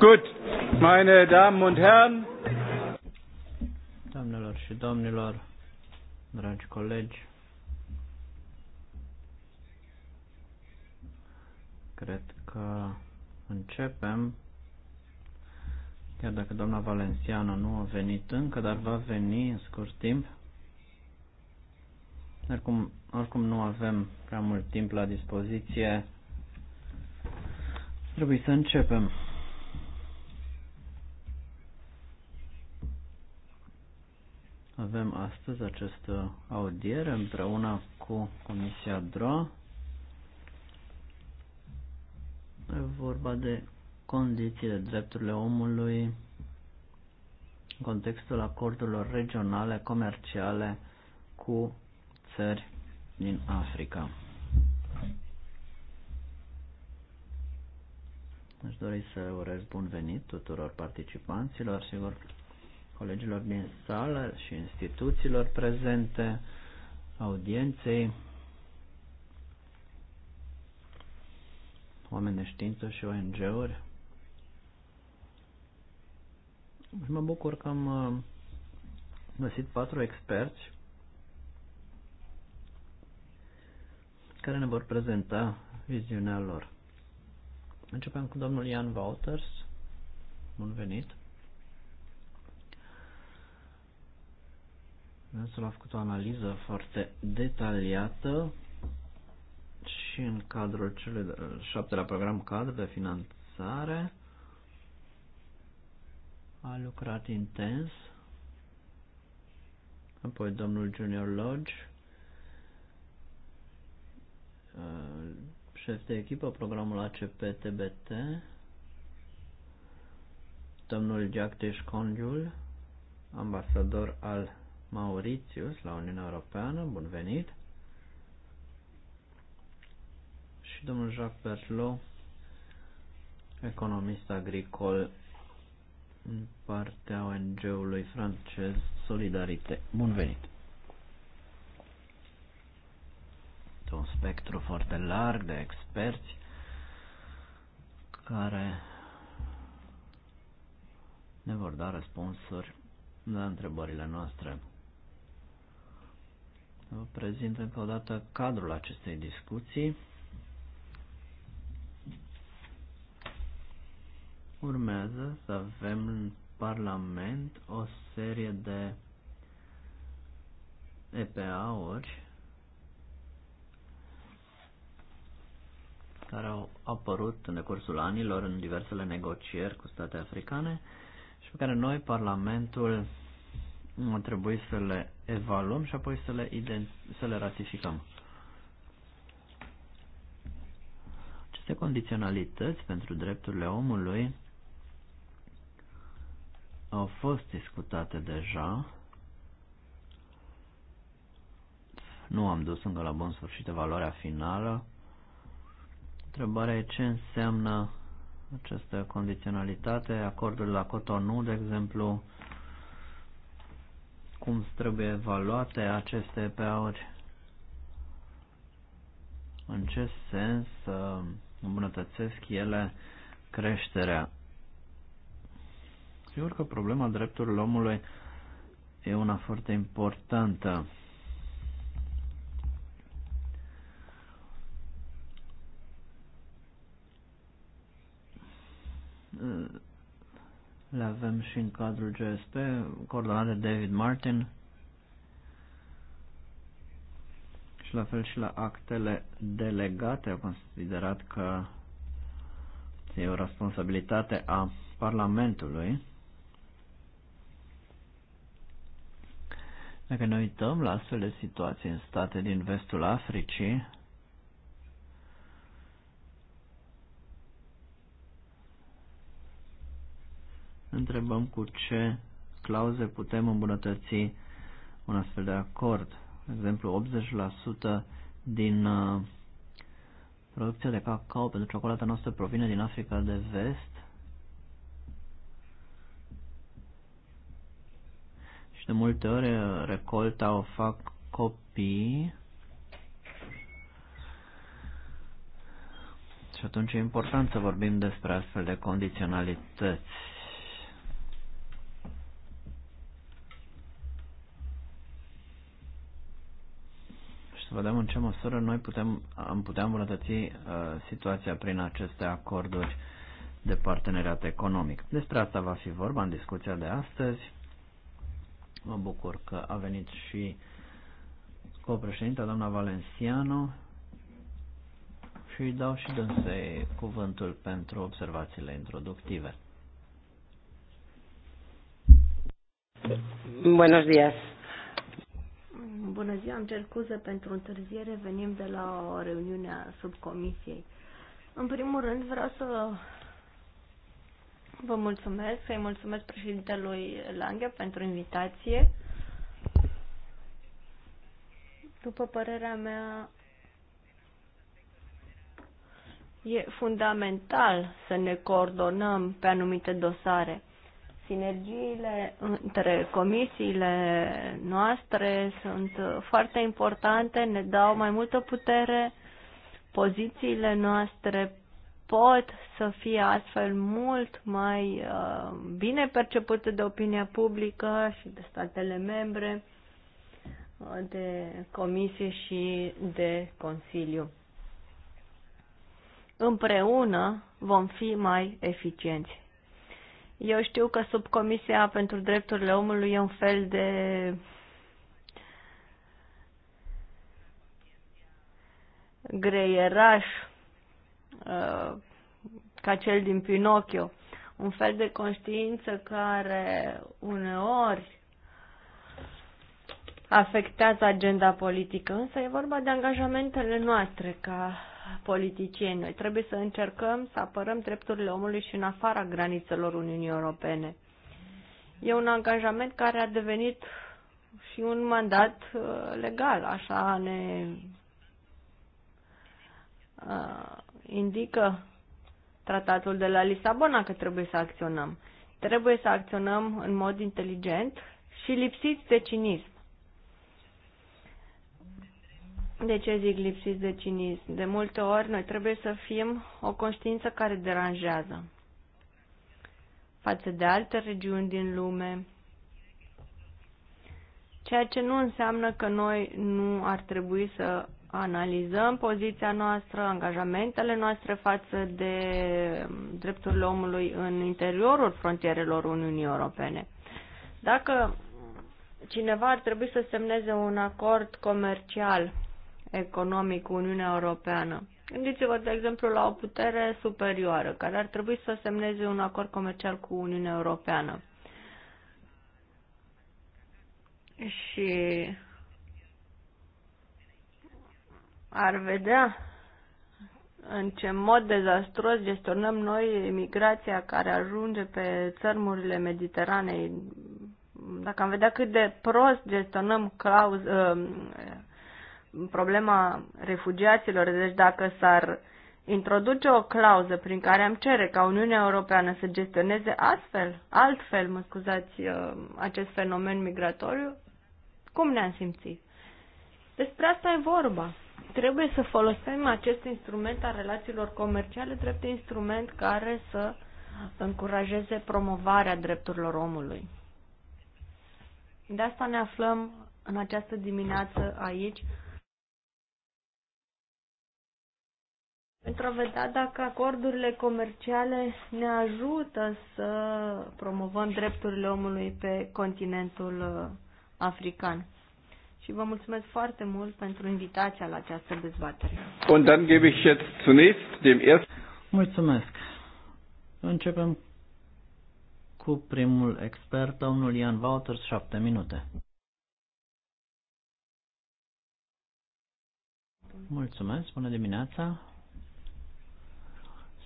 Gut, meine Damen und Herren. Doamnelor și domnilor, dragi colegi, cred că începem, chiar dacă doamna Valenciana nu a venit încă, dar va veni în scurt timp. Oricum, oricum nu avem prea mult timp la dispoziție, trebuie să începem. Avem astăzi această audiere împreună cu Comisia DRO. E vorba de condițiile drepturile omului în contextul acordurilor regionale comerciale cu țări din Africa. Aș dori să urez bun venit tuturor participanților, sigur colegilor din sală și instituțiilor prezente, audienței, oameni de știință și ONG-uri. Și mă bucur că am uh, găsit patru experți care ne vor prezenta viziunea lor. Începem cu domnul Ian Wouters. Bun venit! Dânsul a făcut o analiză foarte detaliată și în cadrul cele șaptelea program cadru de finanțare a lucrat intens. Apoi domnul Junior Lodge, șef de echipă, programul ACP-TBT, domnul Jack Deșcongiul, ambasador al Mauritius la Uniunea Europeană, bun venit. Și domnul Jacques Berlo, economist agricol în partea ONG-ului francez Solidarite. Bun venit! Este un spectru foarte larg de experți care ne vor da răspunsuri la întrebările noastre vă prezint încă o dată cadrul acestei discuții. Urmează să avem în Parlament o serie de EPA-uri care au apărut în decursul anilor în diversele negocieri cu state africane și pe care noi, Parlamentul, trebuie trebuit să le evaluăm și apoi să le, să le ratificăm. Aceste condiționalități pentru drepturile omului au fost discutate deja. Nu am dus încă la bun sfârșit valoarea finală. Întrebarea e ce înseamnă această condiționalitate, acordul la Cotonou, de exemplu, cum trebuie evaluate aceste EPA-uri, în ce sens uh, îmbunătățesc ele creșterea. Sigur că problema drepturilor omului e una foarte importantă le avem și în cadrul GSP, coordonat de David Martin și la fel și la actele delegate au considerat că e o responsabilitate a Parlamentului. Dacă ne uităm la astfel de situații în state din vestul Africii, întrebăm cu ce clauze putem îmbunătăți un astfel de acord. De exemplu, 80% din uh, producția de cacao pentru ciocolata noastră provine din Africa de Vest și de multe ori uh, recolta o fac copii și atunci e important să vorbim despre astfel de condiționalități. vedem în ce măsură noi putem, am putea îmbunătăți uh, situația prin aceste acorduri de parteneriat economic. Despre asta va fi vorba în discuția de astăzi. Mă bucur că a venit și copreședinta doamna Valenciano și dau și dânsei cuvântul pentru observațiile introductive. Buenos días. Bună ziua, îmi cer scuze pentru întârziere, venim de la o reuniune a subcomisiei. În primul rând vreau să vă mulțumesc, să-i mulțumesc președintelui Lange pentru invitație. După părerea mea, e fundamental să ne coordonăm pe anumite dosare Sinergiile între comisiile noastre sunt foarte importante, ne dau mai multă putere, pozițiile noastre pot să fie astfel mult mai uh, bine percepute de opinia publică și de statele membre, uh, de comisie și de Consiliu. Împreună vom fi mai eficienți. Eu știu că subcomisia pentru drepturile omului e un fel de greieraș uh, ca cel din Pinocchio, un fel de conștiință care uneori afectează agenda politică, însă e vorba de angajamentele noastre ca politicieni. Noi trebuie să încercăm să apărăm drepturile omului și în afara granițelor Uniunii Europene. E un angajament care a devenit și un mandat uh, legal, așa ne uh, indică tratatul de la Lisabona că trebuie să acționăm. Trebuie să acționăm în mod inteligent și lipsiți de cinism. De ce zic lipsiți de cinism? De multe ori noi trebuie să fim o conștiință care deranjează față de alte regiuni din lume, ceea ce nu înseamnă că noi nu ar trebui să analizăm poziția noastră, angajamentele noastre față de um, drepturile omului în interiorul frontierelor Uniunii Europene. Dacă cineva ar trebui să semneze un acord comercial economic Uniunea Europeană. Gândiți-vă, de exemplu, la o putere superioară care ar trebui să semneze un acord comercial cu Uniunea Europeană. Și ar vedea în ce mod dezastros gestionăm noi migrația care ajunge pe țărmurile Mediteranei, dacă am vedea cât de prost gestionăm clauz, uh, ă, problema refugiaților, deci dacă s-ar introduce o clauză prin care am cere ca Uniunea Europeană să gestioneze astfel, altfel, mă scuzați, uh, acest fenomen migratoriu, cum ne-am simțit? Despre asta e vorba. Trebuie să folosim acest instrument al relațiilor comerciale drept instrument care să încurajeze promovarea drepturilor omului. De asta ne aflăm în această dimineață aici, pentru a vedea dacă acordurile comerciale ne ajută să promovăm drepturile omului pe continentul uh, african. Și vă mulțumesc foarte mult pentru invitația la această dezbatere. Und dann gebe ich jetzt zunächst dem Mulțumesc. Începem cu primul expert, domnul Ian Wouters, șapte minute. Mulțumesc, bună dimineața.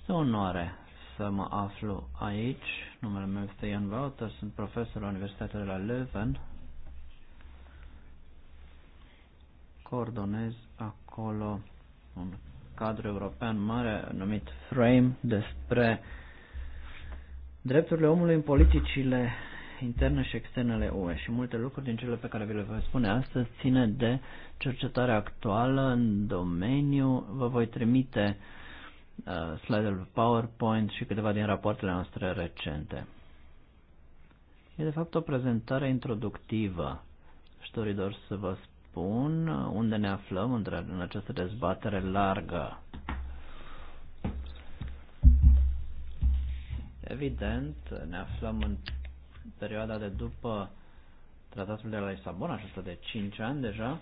Este o onoare să mă aflu aici. Numele meu este Ian Wouter, sunt profesor la Universitatea de la Leuven. Coordonez acolo un cadru european mare numit Frame despre drepturile omului în politicile interne și externe ale UE și multe lucruri din cele pe care vi le voi spune astăzi ține de cercetarea actuală în domeniu. Vă voi trimite uh, uh, slide-ul PowerPoint și câteva din rapoartele noastre recente. E de fapt o prezentare introductivă. Și dori doar să vă spun unde ne aflăm în această dezbatere largă. Evident, ne aflăm în perioada de după tratatul de la Lisabona, acesta de 5 ani deja,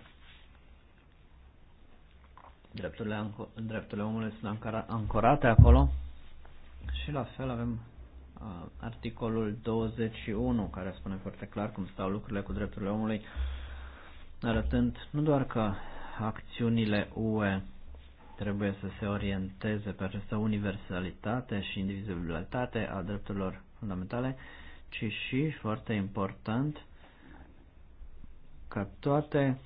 Drepturile, drepturile omului sunt ancorate acolo și la fel avem uh, articolul 21 care spune foarte clar cum stau lucrurile cu drepturile omului, arătând nu doar că acțiunile UE trebuie să se orienteze pe această universalitate și indivizibilitate a drepturilor fundamentale, ci și, foarte important, ca toate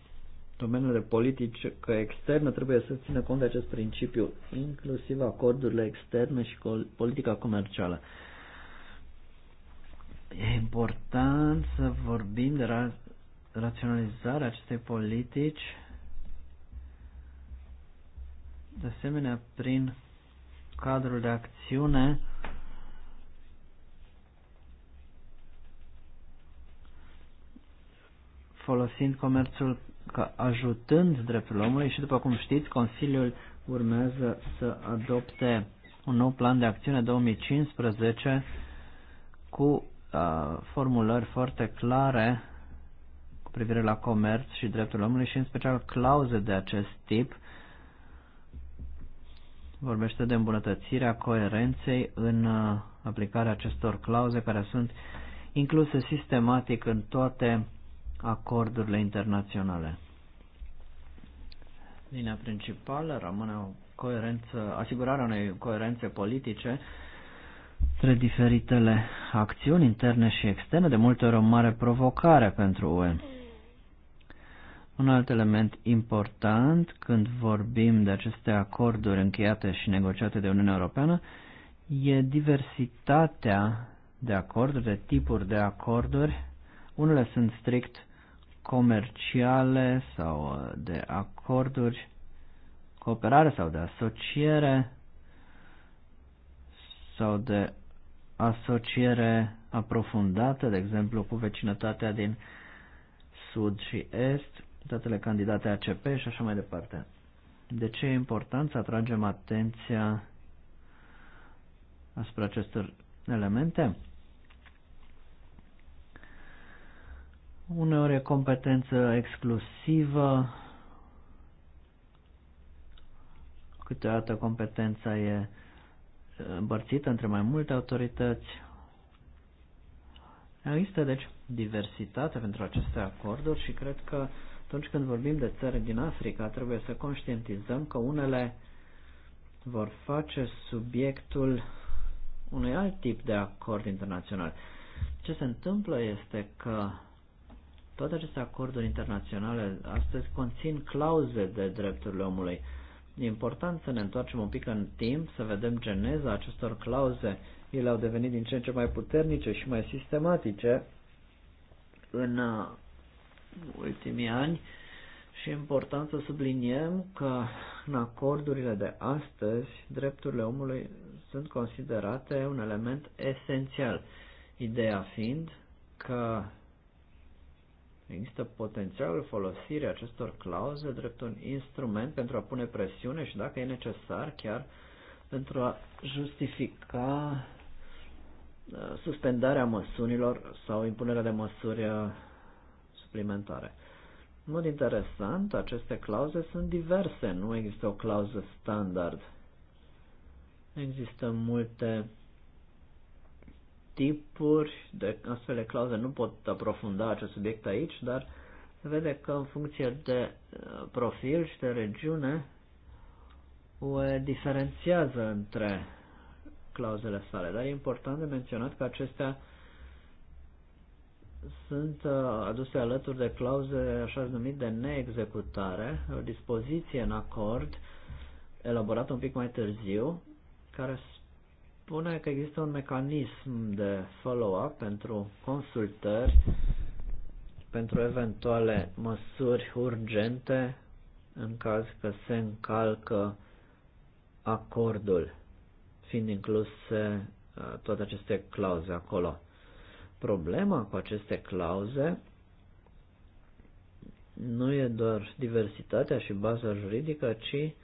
domeniile de politică externă trebuie să țină cont de acest principiu, inclusiv acordurile externe și politica comercială. E important să vorbim de ra- raționalizarea acestei politici, de asemenea prin cadrul de acțiune folosind comerțul ca ajutând dreptul omului și, după cum știți, Consiliul urmează să adopte un nou plan de acțiune 2015 cu uh, formulări foarte clare cu privire la comerț și dreptul omului și în special clauze de acest tip vorbește de îmbunătățirea coerenței în uh, aplicarea acestor clauze care sunt incluse sistematic în toate acordurile internaționale. Linia principală rămâne o coerență, asigurarea unei coerențe politice între diferitele acțiuni interne și externe, de multe ori o mare provocare pentru UE. Un alt element important când vorbim de aceste acorduri încheiate și negociate de Uniunea Europeană e diversitatea de acorduri, de tipuri de acorduri. Unele sunt strict comerciale sau uh, de acorduri, cooperare sau de asociere sau de asociere aprofundată, de exemplu, cu vecinătatea din sud și est, datele candidate ACP și așa mai departe. De ce e important să atragem atenția asupra acestor elemente? uneori e competență exclusivă, câteodată competența e împărțită între mai multe autorități. Există, deci, diversitate pentru aceste acorduri și cred că atunci când vorbim de țări din Africa, trebuie să conștientizăm că unele vor face subiectul unui alt tip de acord internațional. Ce se întâmplă este că toate aceste acorduri internaționale astăzi conțin clauze de drepturile omului. E important să ne întoarcem un pic în timp, să vedem geneza acestor clauze. Ele au devenit din ce în ce mai puternice și mai sistematice în uh, ultimii ani și e important să subliniem că în acordurile de astăzi drepturile omului sunt considerate un element esențial. Ideea fiind că Există potențialul folosirii acestor clauze drept un instrument pentru a pune presiune și, dacă e necesar, chiar pentru a justifica uh, suspendarea măsurilor sau impunerea de măsuri uh, suplimentare. În mod interesant, aceste clauze sunt diverse, nu există o clauză standard. Există multe tipuri de astfel de clauze. Nu pot aprofunda acest subiect aici, dar se vede că în funcție de uh, profil și de regiune o diferențiază între clauzele sale, dar e important de menționat că acestea sunt uh, aduse alături de clauze așa numit de neexecutare, o dispoziție în acord elaborată un pic mai târziu, care spune că există un mecanism de follow-up pentru consultări, pentru eventuale măsuri urgente în caz că se încalcă acordul, fiind incluse uh, toate aceste clauze acolo. Problema cu aceste clauze nu e doar diversitatea și baza juridică, ci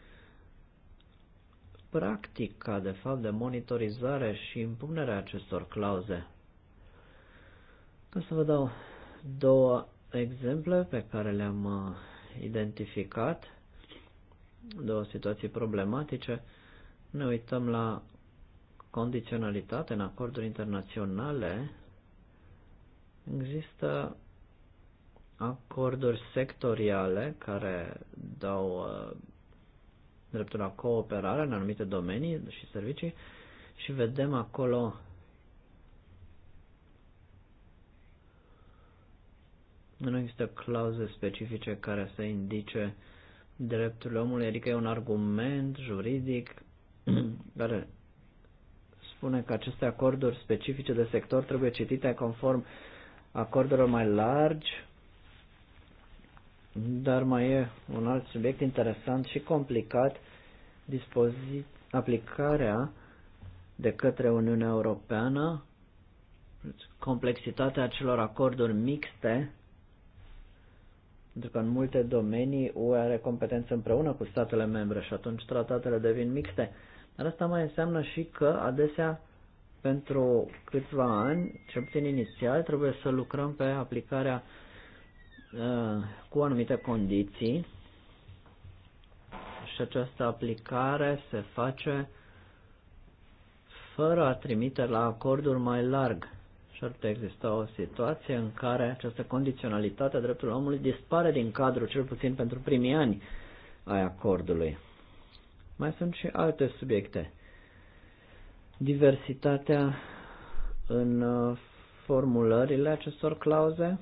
practica, de fapt, de monitorizare și impunerea acestor clauze. Ca să vă dau două exemple pe care le-am uh, identificat, două situații problematice, ne uităm la condiționalitate în acorduri internaționale. Există acorduri sectoriale care dau uh, dreptul la cooperare în anumite domenii și servicii și vedem acolo nu există clauze specifice care să indice dreptul omului, adică e un argument juridic care spune că aceste acorduri specifice de sector trebuie citite conform acordurilor mai largi dar mai e un alt subiect interesant și complicat, aplicarea de către Uniunea Europeană, complexitatea acelor acorduri mixte, pentru că în multe domenii UE are competență împreună cu statele membre și atunci tratatele devin mixte. Dar asta mai înseamnă și că adesea pentru câțiva ani, cel puțin inițial, trebuie să lucrăm pe aplicarea Uh, cu anumite condiții și această aplicare se face fără a trimite la acorduri mai larg. Și ar putea exista o situație în care această condiționalitate a drepturilor omului dispare din cadrul, cel puțin pentru primii ani ai acordului. Mai sunt și alte subiecte. Diversitatea în uh, formulările acestor clauze,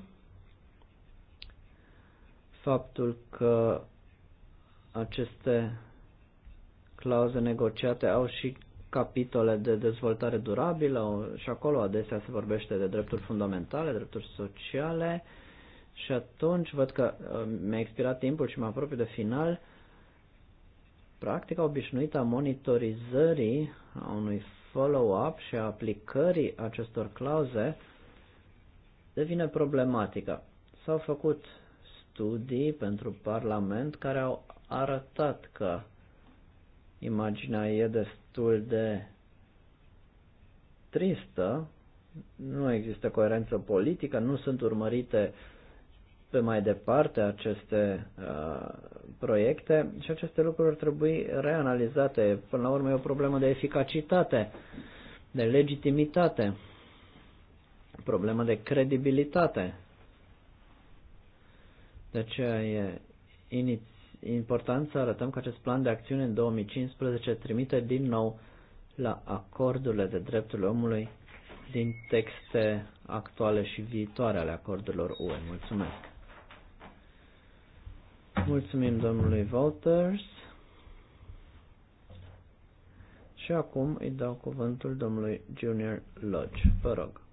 faptul că aceste clauze negociate au și capitole de dezvoltare durabilă și acolo adesea se vorbește de drepturi fundamentale, drepturi sociale și atunci văd că uh, mi-a expirat timpul și mă apropiu de final. Practica obișnuită a monitorizării a unui follow-up și a aplicării acestor clauze devine problematică. S-au făcut studii pentru Parlament care au arătat că imaginea e destul de tristă, nu există coerență politică, nu sunt urmărite pe mai departe aceste uh, proiecte și aceste lucruri ar trebui reanalizate. Până la urmă e o problemă de eficacitate, de legitimitate, problemă de credibilitate. De aceea e important să arătăm că acest plan de acțiune în 2015 trimite din nou la acordurile de drepturile omului din texte actuale și viitoare ale acordurilor UE. Mulțumesc! Mulțumim domnului Walters. Și acum îi dau cuvântul domnului Junior Lodge. Vă rog.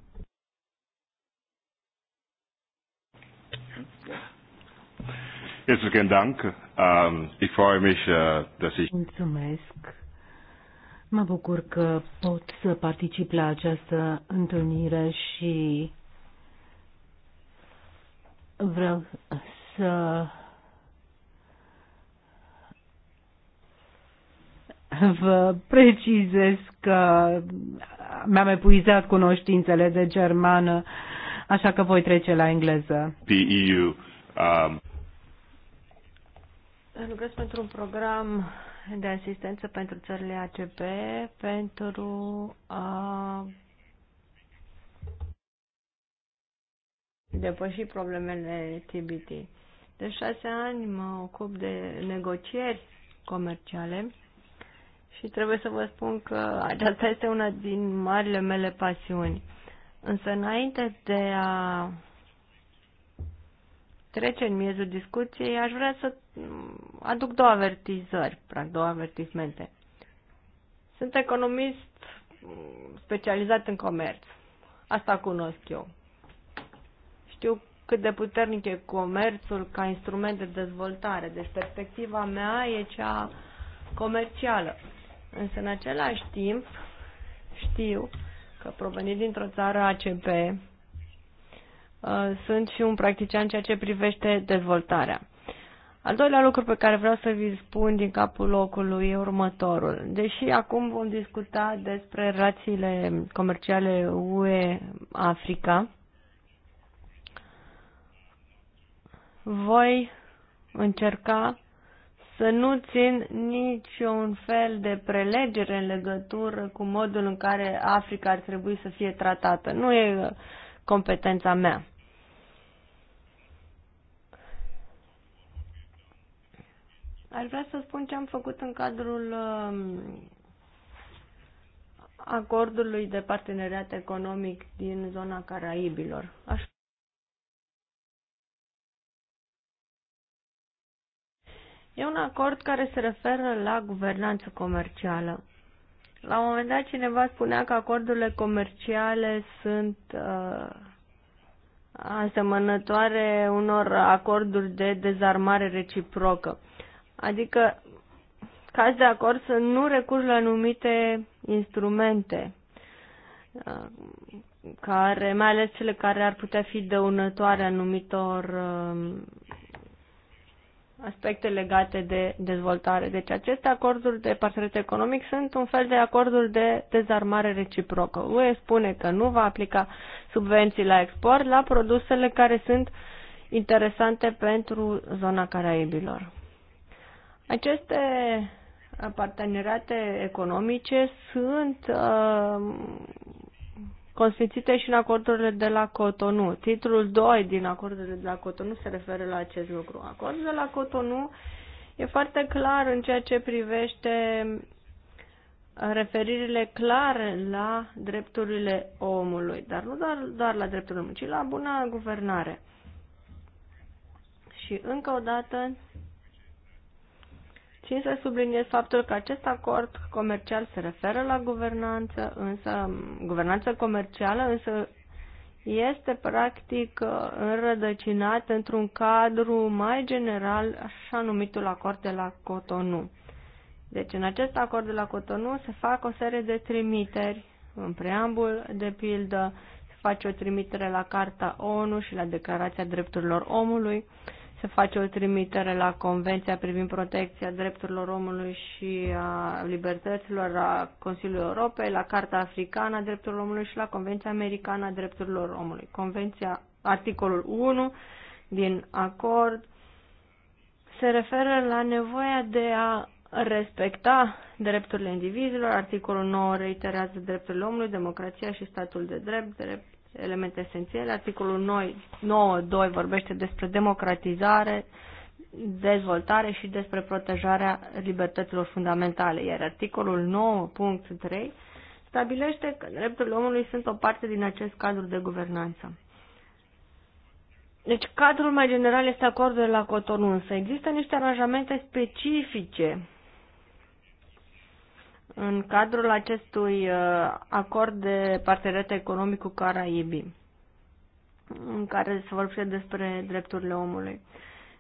Herzlichen Dank. Ähm, ich freue mich, äh, dass ich. Mulțumesc. Mă bucur că pot să particip la această întâlnire și vreau să vă precizez că mi-am epuizat cunoștințele de germană, așa că voi trece la engleză. The EU, um... Lucrez pentru un program de asistență pentru țările ACP pentru a depăși problemele TBT. De șase ani mă ocup de negocieri comerciale și trebuie să vă spun că aceasta este una din marile mele pasiuni. Însă înainte de a trece în miezul discuției, aș vrea să aduc două avertizări, practic două avertismente. Sunt economist mm, specializat în comerț. Asta cunosc eu. Știu cât de puternic e comerțul ca instrument de dezvoltare. Deci perspectiva mea e cea comercială. Însă în același timp știu că provenind dintr-o țară ACP, uh, sunt și un practician ceea ce privește dezvoltarea. Al doilea lucru pe care vreau să vi spun din capul locului e următorul. Deși acum vom discuta despre relațiile comerciale UE-Africa, voi încerca să nu țin niciun fel de prelegere în legătură cu modul în care Africa ar trebui să fie tratată. Nu e competența mea. Aș vrea să spun ce am făcut în cadrul um, acordului de parteneriat economic din zona Caraibilor. Aș E un acord care se referă la guvernanță comercială. La un moment dat cineva spunea că acordurile comerciale sunt uh, asemănătoare unor acorduri de dezarmare reciprocă. Adică, caz de acord, să nu recurgi la anumite instrumente uh, care, mai ales cele care ar putea fi dăunătoare anumitor um, aspecte legate de dezvoltare. Deci aceste acorduri de parteneriat economic sunt un fel de acorduri de dezarmare reciprocă. UE spune că nu va aplica subvenții la export la produsele care sunt interesante pentru zona Caraibilor. Aceste parteneriate economice sunt uh, consfințite și în acordurile de la Cotonou. Titlul 2 din acordurile de la Cotonou se referă la acest lucru. Acordul de la Cotonou e foarte clar în ceea ce privește referirile clare la drepturile omului, dar nu doar, doar la drepturile omului, ci la buna guvernare. Și încă o dată țin să subliniez faptul că acest acord comercial se referă la guvernanță, însă guvernanță comercială, însă este practic înrădăcinat într-un cadru mai general, așa numitul acord de la Cotonou. Deci în acest acord de la Cotonou se fac o serie de trimiteri în preambul, de pildă, se face o trimitere la Carta ONU și la Declarația Drepturilor Omului se face o trimitere la Convenția privind protecția drepturilor omului și a libertăților a Consiliului Europei, la Carta Africană a Drepturilor Omului și la Convenția Americană a Drepturilor Omului. Convenția, articolul 1 din acord se referă la nevoia de a respecta drepturile indivizilor, articolul 9 reiterează drepturile omului, democrația și statul de drept, drept elemente esențiale. Articolul 9.2 vorbește despre democratizare, dezvoltare și despre protejarea libertăților fundamentale, iar articolul 9.3 stabilește că drepturile omului sunt o parte din acest cadru de guvernanță. Deci cadrul mai general este acordul de la Cotonou, însă există niște aranjamente specifice în cadrul acestui uh, acord de parteneriat economic cu Caraibii, în care se vorbește despre drepturile omului.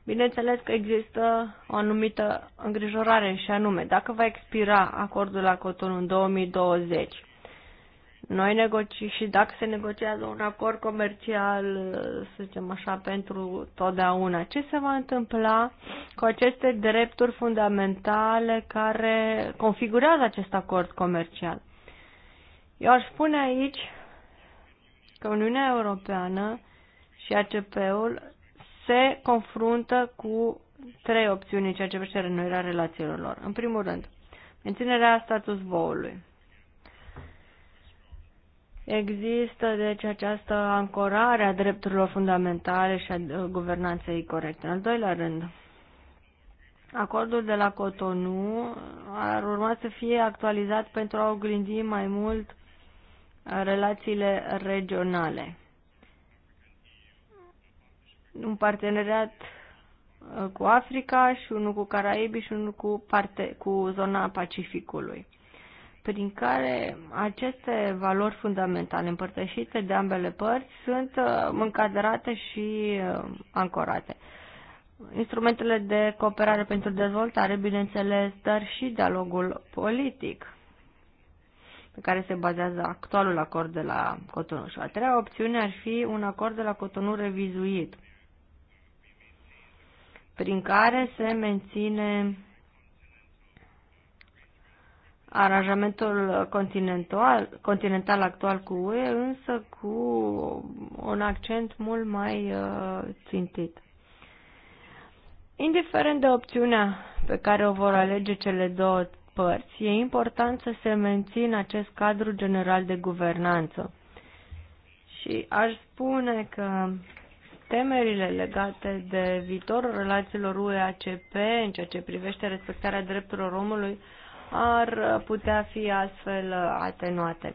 Bineînțeles că există o anumită îngrijorare și anume, dacă va expira acordul la Cotonou în 2020, noi negoci și dacă se negociază un acord comercial, să zicem așa, pentru totdeauna, ce se va întâmpla cu aceste drepturi fundamentale care configurează acest acord comercial? Eu aș spune aici că Uniunea Europeană și ACP-ul se confruntă cu trei opțiuni în ceea ce privește renoirea relațiilor lor. În primul rând, menținerea status quo-ului. Există, deci, această ancorare a drepturilor fundamentale și a uh, guvernanței corecte. În al doilea rând, acordul de la Cotonou ar urma să fie actualizat pentru a oglindi mai mult uh, relațiile regionale. Un parteneriat uh, cu Africa și unul cu Caraibii și unul cu, parte, cu zona Pacificului prin care aceste valori fundamentale împărtășite de ambele părți sunt uh, încadrate și uh, ancorate. Instrumentele de cooperare pentru dezvoltare, bineînțeles, dar și dialogul politic pe care se bazează actualul acord de la Cotonou. Și a treia opțiune ar fi un acord de la Cotonou revizuit, prin care se menține aranjamentul continental, continental actual cu UE, însă cu un accent mult mai uh, țintit. Indiferent de opțiunea pe care o vor alege cele două părți, e important să se mențină acest cadru general de guvernanță. Și aș spune că temerile legate de viitorul relațiilor UE-ACP în ceea ce privește respectarea drepturilor omului uh, ar putea fi astfel atenuate.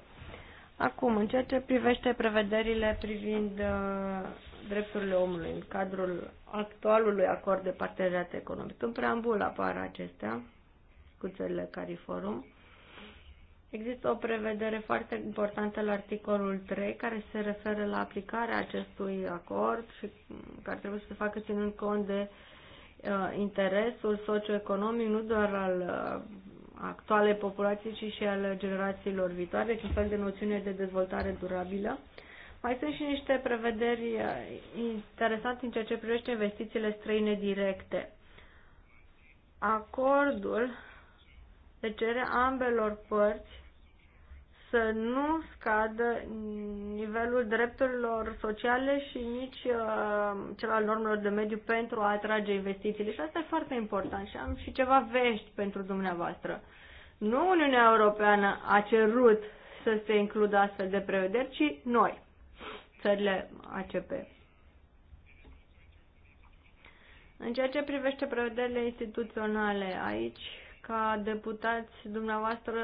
Acum, în ceea ce privește prevederile privind uh, drepturile omului în cadrul actualului acord de parteneriat economic, în preambul apar acestea cu țările CARIFORUM, există o prevedere foarte importantă la articolul 3 care se referă la aplicarea acestui acord și care trebuie să se facă ținând cont de uh, interesul socioeconomic nu doar al uh, actuale populații, ci și al generațiilor viitoare, deci un fel de noțiune de dezvoltare durabilă. Mai sunt și niște prevederi uh, interesante în ceea ce privește investițiile străine directe. Acordul le cere ambelor părți să nu scadă nivelul drepturilor sociale și nici uh, cel al normelor de mediu pentru a atrage investițiile. Și asta e foarte important și am și ceva vești pentru dumneavoastră. Nu Uniunea Europeană a cerut să se includă astfel de prevederi, ci noi, țările ACP. În ceea ce privește prevederile instituționale, aici ca deputați dumneavoastră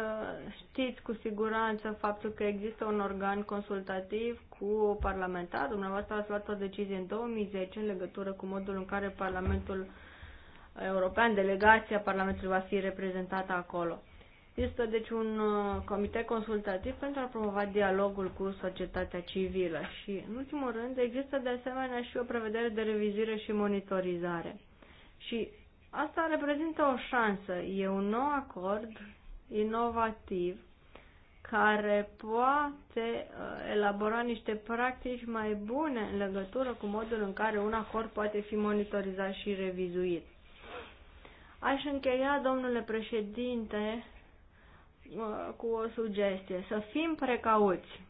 știți cu siguranță faptul că există un organ consultativ cu parlamentar. Dumneavoastră ați luat o decizie în 2010 în legătură cu modul în care Parlamentul European, delegația Parlamentului va fi reprezentată acolo. Este deci un uh, comitet consultativ pentru a promova dialogul cu societatea civilă și, în ultimul rând, există de asemenea și o prevedere de revizire și monitorizare. Și Asta reprezintă o șansă. E un nou acord inovativ care poate uh, elabora niște practici mai bune în legătură cu modul în care un acord poate fi monitorizat și revizuit. Aș încheia, domnule președinte, uh, cu o sugestie. Să fim precauți.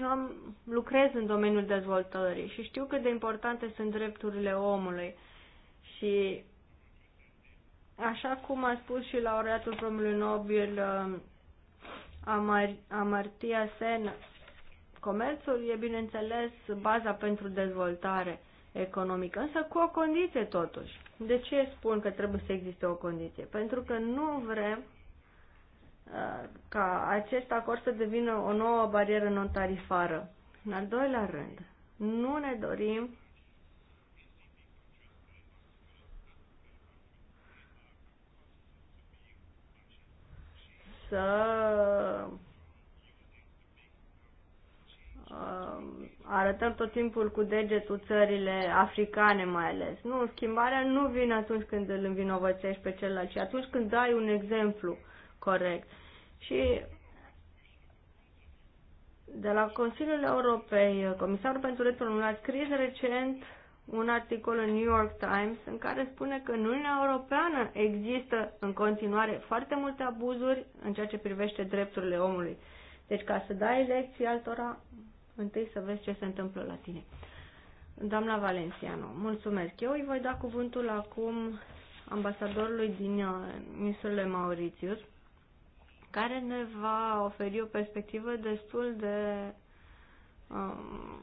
Eu am, lucrez în domeniul dezvoltării și știu cât de importante sunt drepturile omului și așa cum a spus și laureatul Premiului Nobel uh, Amar Amartya Sen, comerțul e bineînțeles baza pentru dezvoltare economică, însă cu o condiție totuși. De ce spun că trebuie să existe o condiție? Pentru că nu vrem uh, ca acest acord să devină o nouă barieră non-tarifară. În al doilea rând, nu ne dorim să um, arătăm tot timpul cu degetul țările africane mai ales. Nu, schimbarea nu vine atunci când îl învinovățești pe celălalt, ci atunci când dai un exemplu corect. Și de la Consiliul Europei, Comisarul pentru Returul a scris recent un articol în New York Times în care spune că în Uniunea Europeană există în continuare foarte multe abuzuri în ceea ce privește drepturile omului. Deci ca să dai lecții altora, întâi să vezi ce se întâmplă la tine. Doamna Valenciano, mulțumesc. Eu îi voi da cuvântul acum ambasadorului din uh, insulele Mauritius, care ne va oferi o perspectivă destul de um,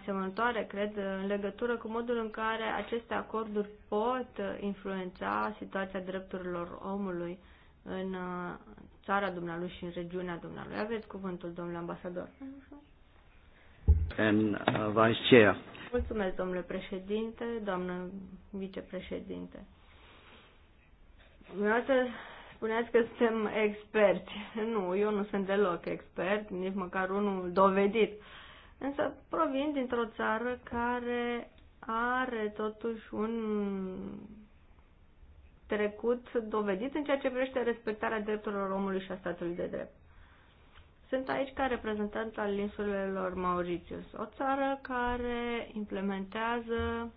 asemănătoare, cred, în legătură cu modul în care aceste acorduri pot influența situația drepturilor omului în uh, țara dumnealui și în regiunea dumnealui. Aveți cuvântul, domnule ambasador. And, uh, vice chair. Mulțumesc, domnule președinte, doamnă vicepreședinte. Dumneavoastră spuneați că suntem experți. Nu, eu nu sunt deloc expert, nici măcar unul dovedit. Uh, însă provin dintr-o țară care are totuși un trecut dovedit în ceea ce privește respectarea drepturilor omului și a statului de drept. Sunt aici ca reprezentant al insulelor Mauritius, o țară care implementează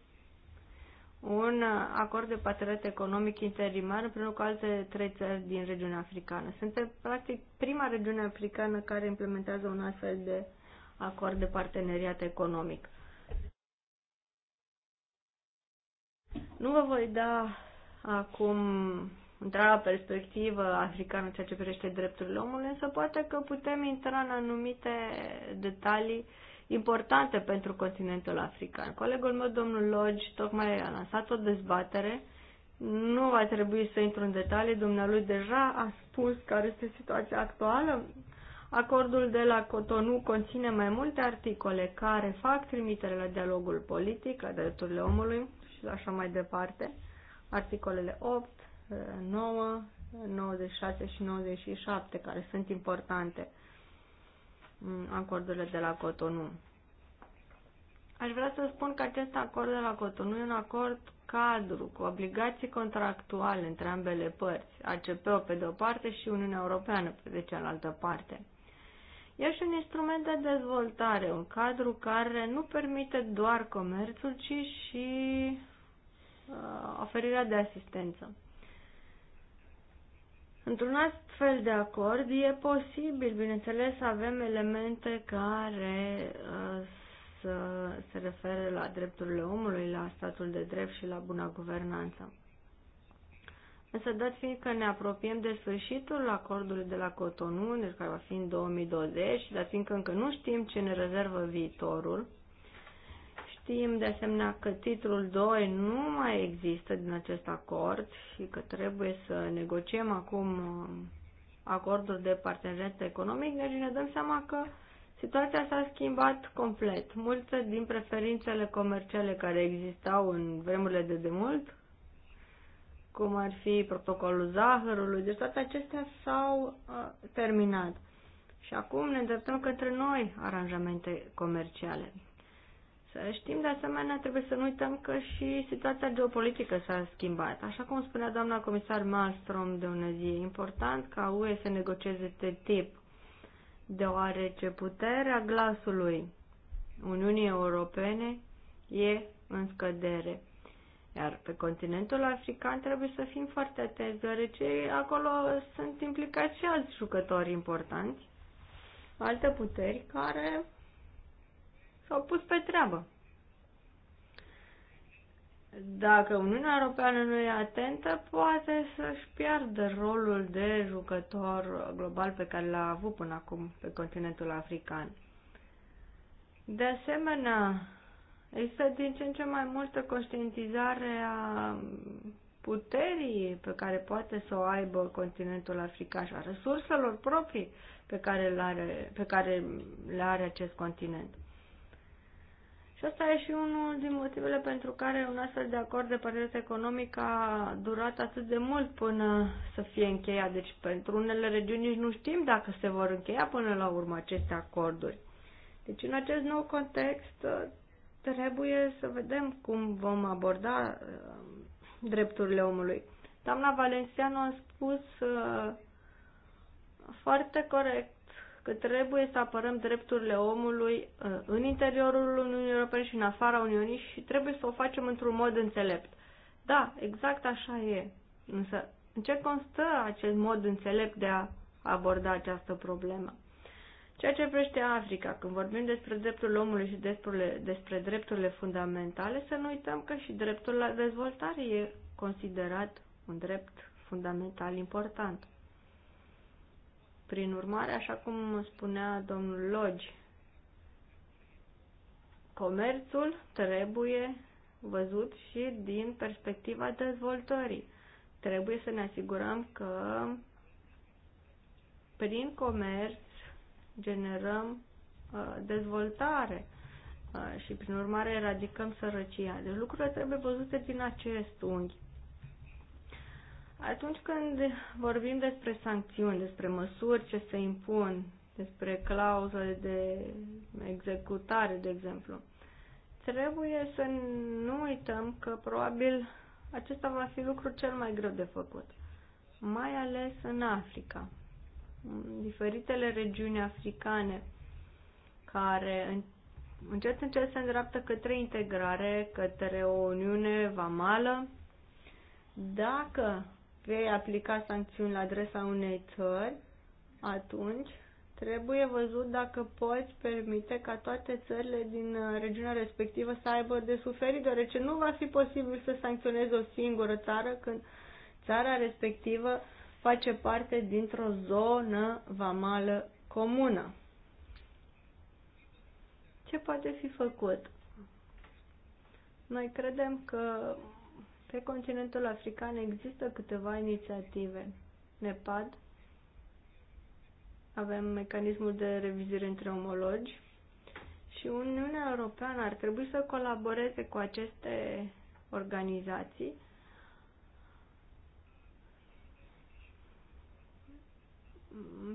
un acord de parteneriat economic interimar împreună cu alte trei țări din regiunea africană. Suntem, practic, prima regiune africană care implementează un astfel de acord de parteneriat economic. Nu vă voi da acum întreaga perspectivă africană în ceea ce privește drepturile omului, însă poate că putem intra în anumite detalii importante pentru continentul african. Colegul meu, domnul Lodge, tocmai a lansat o dezbatere. Nu va trebui să intru în detalii, dumnealui deja a spus care este situația actuală Acordul de la Cotonou conține mai multe articole care fac trimitere la dialogul politic, la drepturile omului și la așa mai departe. Articolele 8, 9, 96 și 97 care sunt importante acordurile de la Cotonou. Aș vrea să spun că acest acord de la Cotonou e un acord cadru cu obligații contractuale între ambele părți, ACP-ul pe de o parte și Uniunea Europeană pe de cealaltă parte. E și un instrument de dezvoltare, un cadru care nu permite doar comerțul, ci și uh, oferirea de asistență. Într-un astfel de acord e posibil, bineînțeles, să avem elemente care uh, să se refere la drepturile omului, la statul de drept și la buna guvernanță. Însă, dat fiind că ne apropiem de sfârșitul acordului de la Cotonou, deci care va fi în 2020, dar fiindcă încă nu știm ce ne rezervă viitorul, știm de asemenea că titlul 2 nu mai există din acest acord și că trebuie să negociem acum uh, acordul de parteneriat economic, deci ne dăm seama că situația s-a schimbat complet. Multe din preferințele comerciale care existau în vremurile de demult cum ar fi protocolul zahărului, deci toate acestea s-au terminat. Și acum ne îndreptăm către noi aranjamente comerciale. Să știm, de asemenea, trebuie să nu uităm că și situația geopolitică s-a schimbat. Așa cum spunea doamna comisar Malmström de ună zi, e important ca UE să negocieze de tip, deoarece puterea glasului Uniunii Europene e în scădere. Iar pe continentul african trebuie să fim foarte atenți, deoarece acolo sunt implicați și alți jucători importanți, alte puteri care s-au pus pe treabă. Dacă Uniunea Europeană nu e atentă, poate să-și piardă rolul de jucător global pe care l-a avut până acum pe continentul african. De asemenea, Există din ce în ce mai multă conștientizare a puterii pe care poate să o aibă continentul african și a resurselor proprii pe care le are, pe care le are acest continent. Și asta e și unul din motivele pentru care un astfel de acord de parteneriat economic a durat atât de mult până să fie încheiat. Deci pentru unele regiuni nici nu știm dacă se vor încheia până la urmă aceste acorduri. Deci în acest nou context trebuie să vedem cum vom aborda uh, drepturile omului. Doamna Valenciano a spus uh, foarte corect că trebuie să apărăm drepturile omului uh, în interiorul Uniunii Europene și în afara Uniunii și trebuie să o facem într-un mod înțelept. Da, exact așa e. Însă, în ce constă acest mod înțelept de a aborda această problemă? Ceea ce vrește Africa, când vorbim despre dreptul omului și despre, despre drepturile fundamentale, să nu uităm că și dreptul la dezvoltare e considerat un drept fundamental important. Prin urmare, așa cum spunea domnul Lodge, comerțul trebuie văzut și din perspectiva dezvoltării. Trebuie să ne asigurăm că prin comerț generăm uh, dezvoltare uh, și, prin urmare, eradicăm sărăcia. Deci lucrurile trebuie văzute din acest unghi. Atunci când vorbim despre sancțiuni, despre măsuri ce se impun, despre clauzele de executare, de exemplu, trebuie să nu uităm că probabil acesta va fi lucru cel mai greu de făcut, mai ales în Africa diferitele regiuni africane care încet încet se îndreaptă către integrare, către o uniune vamală. Dacă vei aplica sancțiuni la adresa unei țări, atunci trebuie văzut dacă poți permite ca toate țările din uh, regiunea respectivă să aibă de suferit, deoarece nu va fi posibil să sancționezi o singură țară când țara respectivă face parte dintr-o zonă vamală comună. Ce poate fi făcut? Noi credem că pe continentul african există câteva inițiative. NEPAD, avem mecanismul de revizire între omologi și Uniunea Europeană ar trebui să colaboreze cu aceste organizații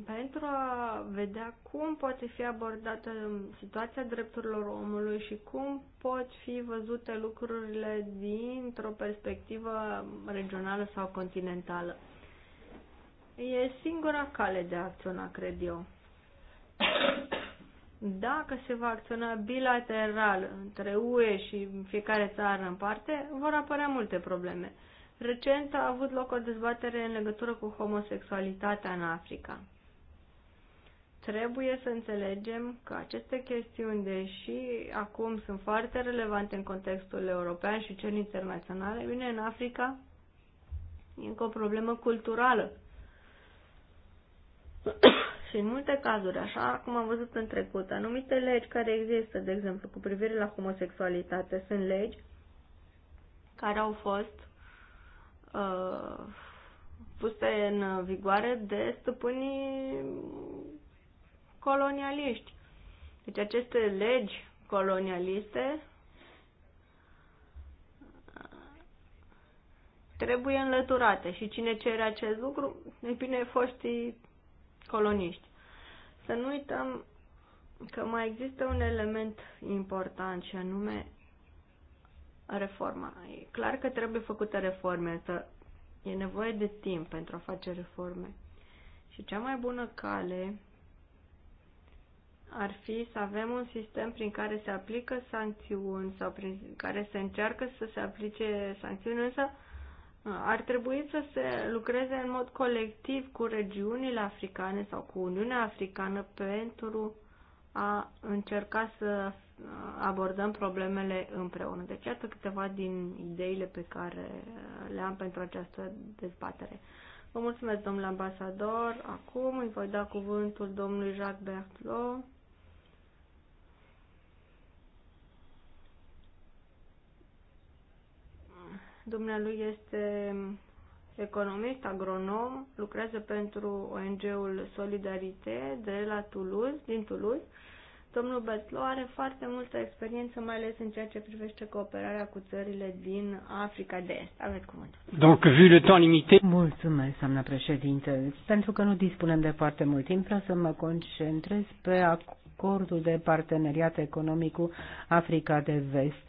pentru a vedea cum poate fi abordată situația drepturilor omului și cum pot fi văzute lucrurile dintr-o perspectivă regională sau continentală. E singura cale de a acționa, cred eu. Dacă se va acționa bilateral între UE și fiecare țară în parte, vor apărea multe probleme. Recent a avut loc o dezbatere în legătură cu homosexualitatea în Africa. Trebuie să înțelegem că aceste chestiuni, deși acum sunt foarte relevante în contextul european și cel internațional, bine, în Africa e încă o problemă culturală. și în multe cazuri, așa cum am văzut în trecut, anumite legi care există, de exemplu, cu privire la homosexualitate, sunt legi care au fost Uh, puse în vigoare de stăpânii colonialiști. Deci aceste legi colonialiste uh, trebuie înlăturate și cine cere acest lucru, e bine, foștii coloniști. Să nu uităm că mai există un element important și anume reforma. E clar că trebuie făcute reforme, să e nevoie de timp pentru a face reforme. Și cea mai bună cale ar fi să avem un sistem prin care se aplică sancțiuni sau prin care se încearcă să se aplice sancțiuni, însă uh, ar trebui să se lucreze în mod colectiv cu regiunile africane sau cu Uniunea Africană pentru a încerca să abordăm problemele împreună. Deci iată câteva din ideile pe care le am pentru această dezbatere. Vă mulțumesc, domnule ambasador. Acum îi voi da cuvântul domnului Jacques Berthelot. Dumnealui este economist, agronom, lucrează pentru ONG-ul Solidarité de la Toulouse, din Toulouse Domnul Beslo are foarte multă experiență, mai ales în ceea ce privește cooperarea cu țările din Africa de Est. Aveți cuvântul. Donc, vu le temps limité... Mulțumesc, doamna președinte. Pentru că nu dispunem de foarte mult timp, vreau să mă concentrez pe acordul de parteneriat economic cu Africa de Vest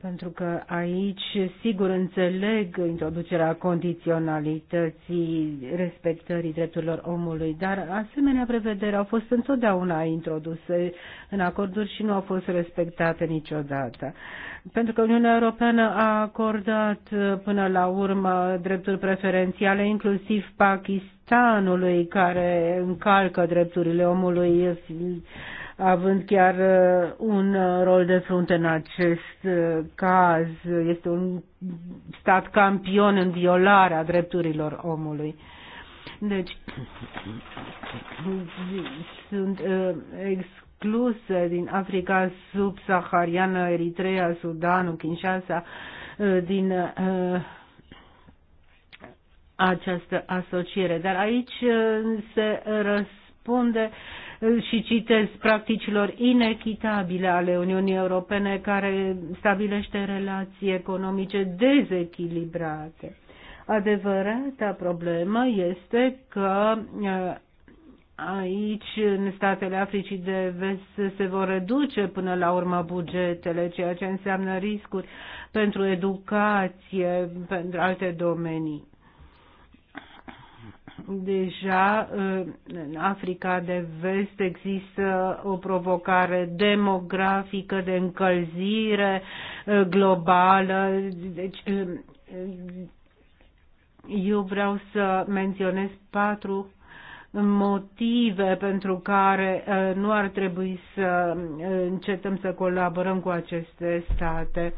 pentru că aici, sigur, înțeleg introducerea condiționalității respectării drepturilor omului, dar asemenea prevederi au fost întotdeauna introduse în acorduri și nu au fost respectate niciodată. Pentru că Uniunea Europeană a acordat uh, până la urmă drepturi preferențiale, inclusiv Pakistanului, care încalcă drepturile omului având chiar uh, un uh, rol de frunte în acest uh, caz. Este un stat campion în violarea drepturilor omului. Deci, sunt excluse din Africa subsahariană, Eritrea, Sudanul, Kinshasa, din această asociere. Dar aici se răspunde uh, și citesc practicilor inechitabile ale Uniunii Europene care stabilește relații economice dezechilibrate. Adevărata problemă este că uh, Aici, în statele Africii de vest, se vor reduce până la urmă bugetele, ceea ce înseamnă riscuri pentru educație, pentru alte domenii. Deja uh, în Africa de Vest există o provocare demografică de încălzire uh, globală. Deci, uh, eu vreau să menționez patru motive pentru care nu ar trebui să încetăm să colaborăm cu aceste state.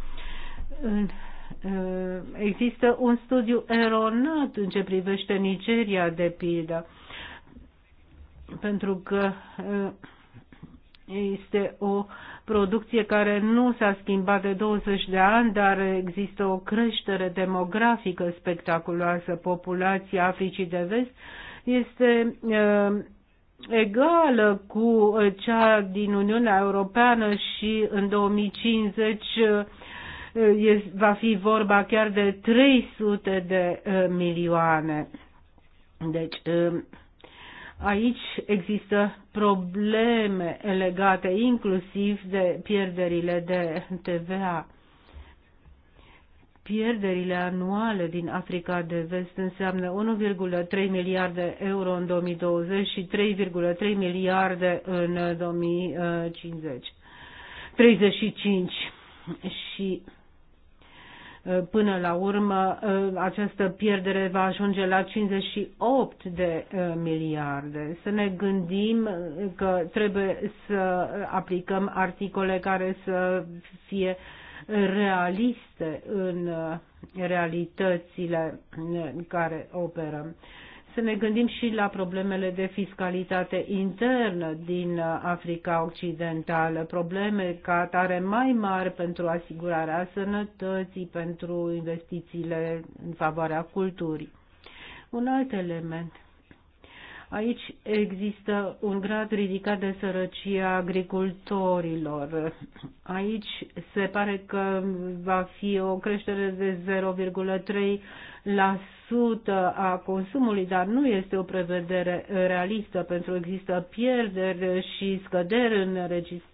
Eh, există un studiu eronat în ce privește Nigeria, de pildă, pentru că eh, este o producție care nu s-a schimbat de 20 de ani, dar există o creștere demografică spectaculoasă. Populația Africii de Vest este eh, egală cu cea din Uniunea Europeană și în 2050 va fi vorba chiar de 300 de milioane. Deci, aici există probleme legate inclusiv de pierderile de TVA. Pierderile anuale din Africa de Vest înseamnă 1,3 miliarde euro în 2020 și 3,3 miliarde în 2050. 35 și Până la urmă, uh, această pierdere va ajunge la 58 de uh, miliarde. Să ne gândim uh, că trebuie să aplicăm articole care să fie realiste în realitățile în care operăm să ne gândim și la problemele de fiscalitate internă din Africa Occidentală, probleme ca atare mai mari pentru asigurarea sănătății, pentru investițiile în favoarea culturii. Un alt element Aici există un grad ridicat de sărăcie a agricultorilor. Aici se pare că va fi o creștere de 0,3% a consumului, dar nu este o prevedere realistă pentru că există pierderi și scăderi în registrare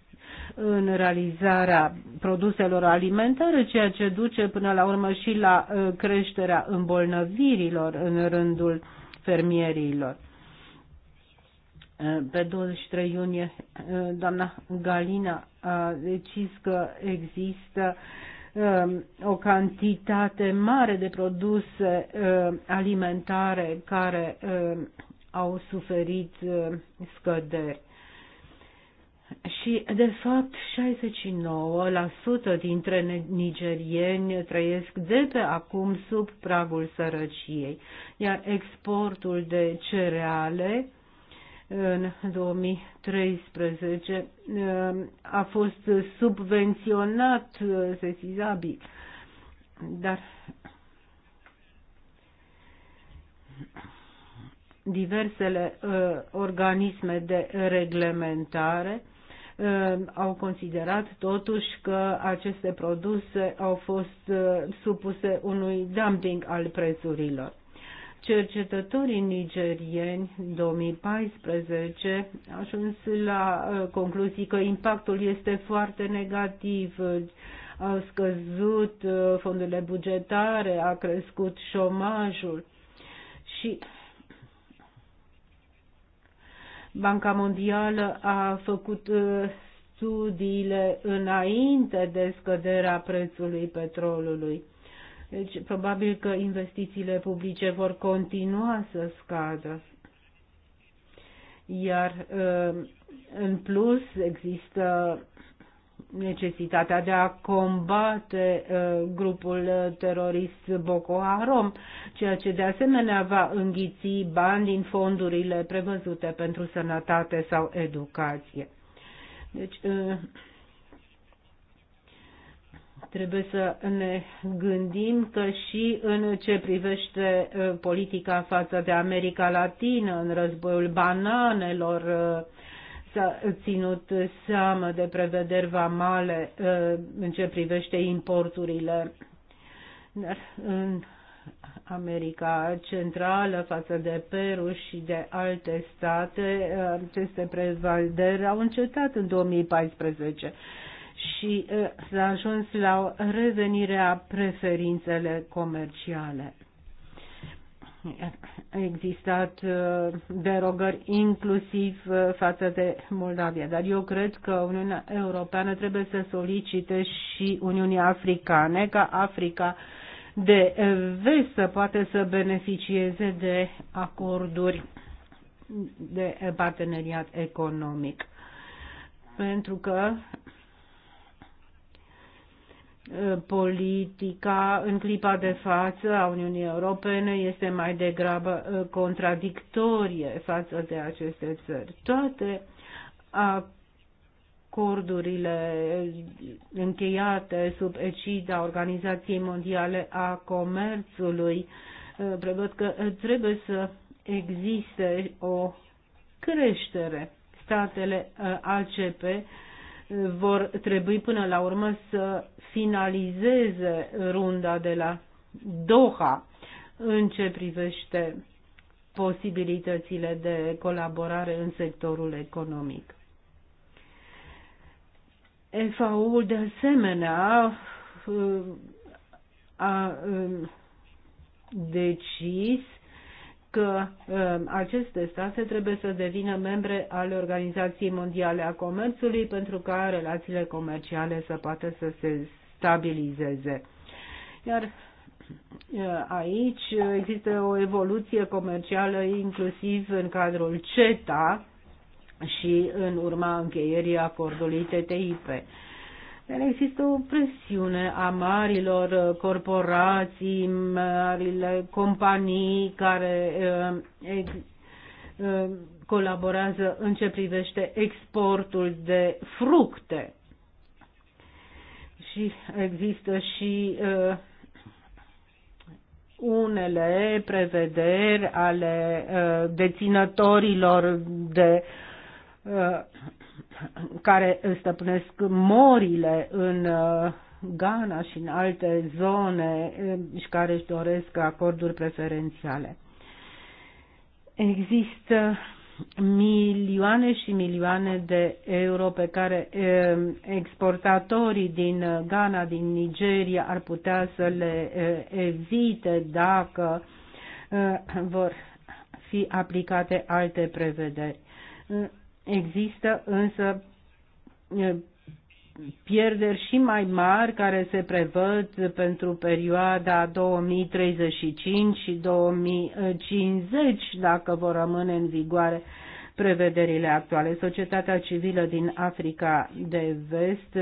în realizarea produselor alimentare, ceea ce duce până la urmă și la uh, creșterea îmbolnăvirilor în rândul fermierilor. Pe 23 iunie, uh, doamna Galina a decis că există um, o cantitate mare de produse uh, alimentare care um, au suferit uh, scăderi. Și, de fapt, 69% dintre nigerieni trăiesc de pe acum sub pragul sărăciei, iar exportul de cereale în 2013 uh, a fost subvenționat uh, sesizabil. Dar diversele uh, organisme de reglementare uh, au considerat totuși că aceste produse au fost uh, supuse unui dumping al prețurilor cercetătorii nigerieni 2014 au ajuns la uh, concluzii că impactul este foarte negativ. Au scăzut uh, fondurile bugetare, a crescut șomajul și Banca Mondială a făcut uh, studiile înainte de scăderea prețului petrolului. Deci, probabil că investițiile publice vor continua să scadă. Iar, uh, în plus, există necesitatea de a combate uh, grupul terorist Boko Haram, ceea ce de asemenea va înghiți bani din fondurile prevăzute pentru sănătate sau educație. Deci, uh, trebuie să ne gândim că și în ce privește uh, politica față de America Latină, în războiul bananelor, uh, s-a ținut seamă de prevederi vamale uh, în ce privește importurile. în America Centrală față de Peru și de alte state, aceste prevederi au încetat în 2014 și s-a ajuns la o revenire a preferințele comerciale. A existat derogări inclusiv față de Moldavia, dar eu cred că Uniunea Europeană trebuie să solicite și Uniunii Africane ca Africa de vest să poate să beneficieze de acorduri de parteneriat economic. Pentru că politica în clipa de față a Uniunii Europene este mai degrabă uh, contradictorie față de aceste țări. Toate acordurile încheiate sub ecida Organizației Mondiale a Comerțului uh, prevăd că uh, trebuie să existe o creștere. Statele ACP vor trebui până la urmă să finalizeze runda de la Doha în ce privește posibilitățile de colaborare în sectorul economic. FAO-ul de asemenea a decis că um, aceste state trebuie să devină membre ale Organizației Mondiale a Comerțului pentru ca relațiile comerciale să poată să se stabilizeze. Iar uh, aici există o evoluție comercială inclusiv în cadrul CETA și în urma încheierii acordului TTIP. Există o presiune a marilor uh, corporații, marile companii care uh, uh, colaborează în ce privește exportul de fructe. Și există și uh, unele prevederi ale uh, deținătorilor de uh, care stăpânesc morile în uh, Ghana și în alte zone uh, și care își doresc acorduri preferențiale. Există milioane și milioane de euro pe care uh, exportatorii din Ghana, din Nigeria ar putea să le evite dacă vor fi aplicate alte prevederi. Există însă pierderi și mai mari care se prevăd pentru perioada 2035 și 2050 dacă vor rămâne în vigoare prevederile actuale. Societatea civilă din Africa de Vest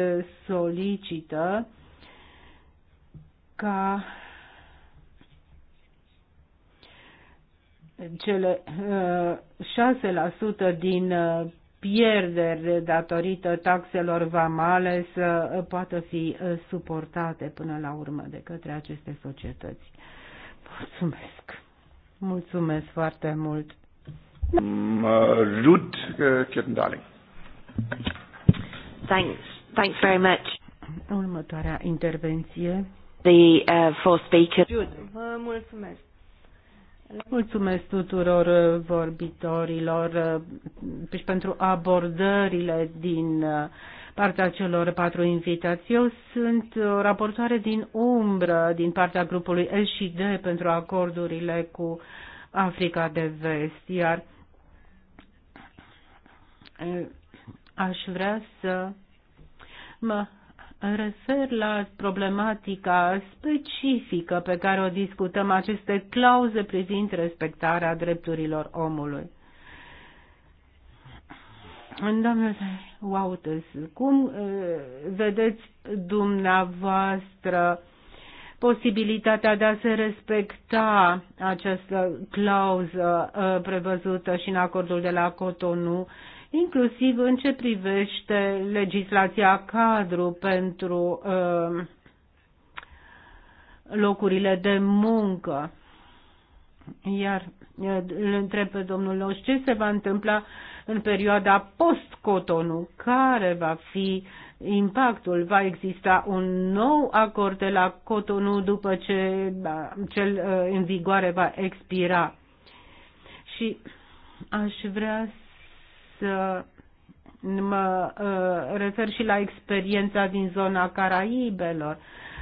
solicită ca cele 6% uh, din uh, pierderi datorită taxelor vamale să uh, poată fi suportate până la urmă de către aceste societăți. Mulțumesc! Mulțumesc foarte mult! Mm, Rud Kirtendaling. Thanks. Thanks very much. Următoarea intervenție. The uh, four speaker. Jude, vă mulțumesc. Mulțumesc tuturor uh, vorbitorilor uh, și pentru abordările din uh, partea celor patru invitați. Eu sunt o raportoare din umbră din partea grupului L și D pentru acordurile cu Africa de Vest, iar aș vrea să mă refer la problematica specifică pe care o discutăm, aceste clauze privind respectarea drepturilor omului. Domnule Wautes, cum uh, vedeți dumneavoastră posibilitatea de a se respecta această clauză uh, prevăzută și în acordul de la Cotonou inclusiv în ce privește legislația cadru pentru uh, locurile de muncă. Iar uh, îl întreb pe domnul Loș ce se va întâmpla în perioada post-Cotonu, care va fi impactul, va exista un nou acord de la Cotonu după ce da, cel uh, în vigoare va expira. Și aș vrea să mă uh, refer și la experiența din zona Caraibelor,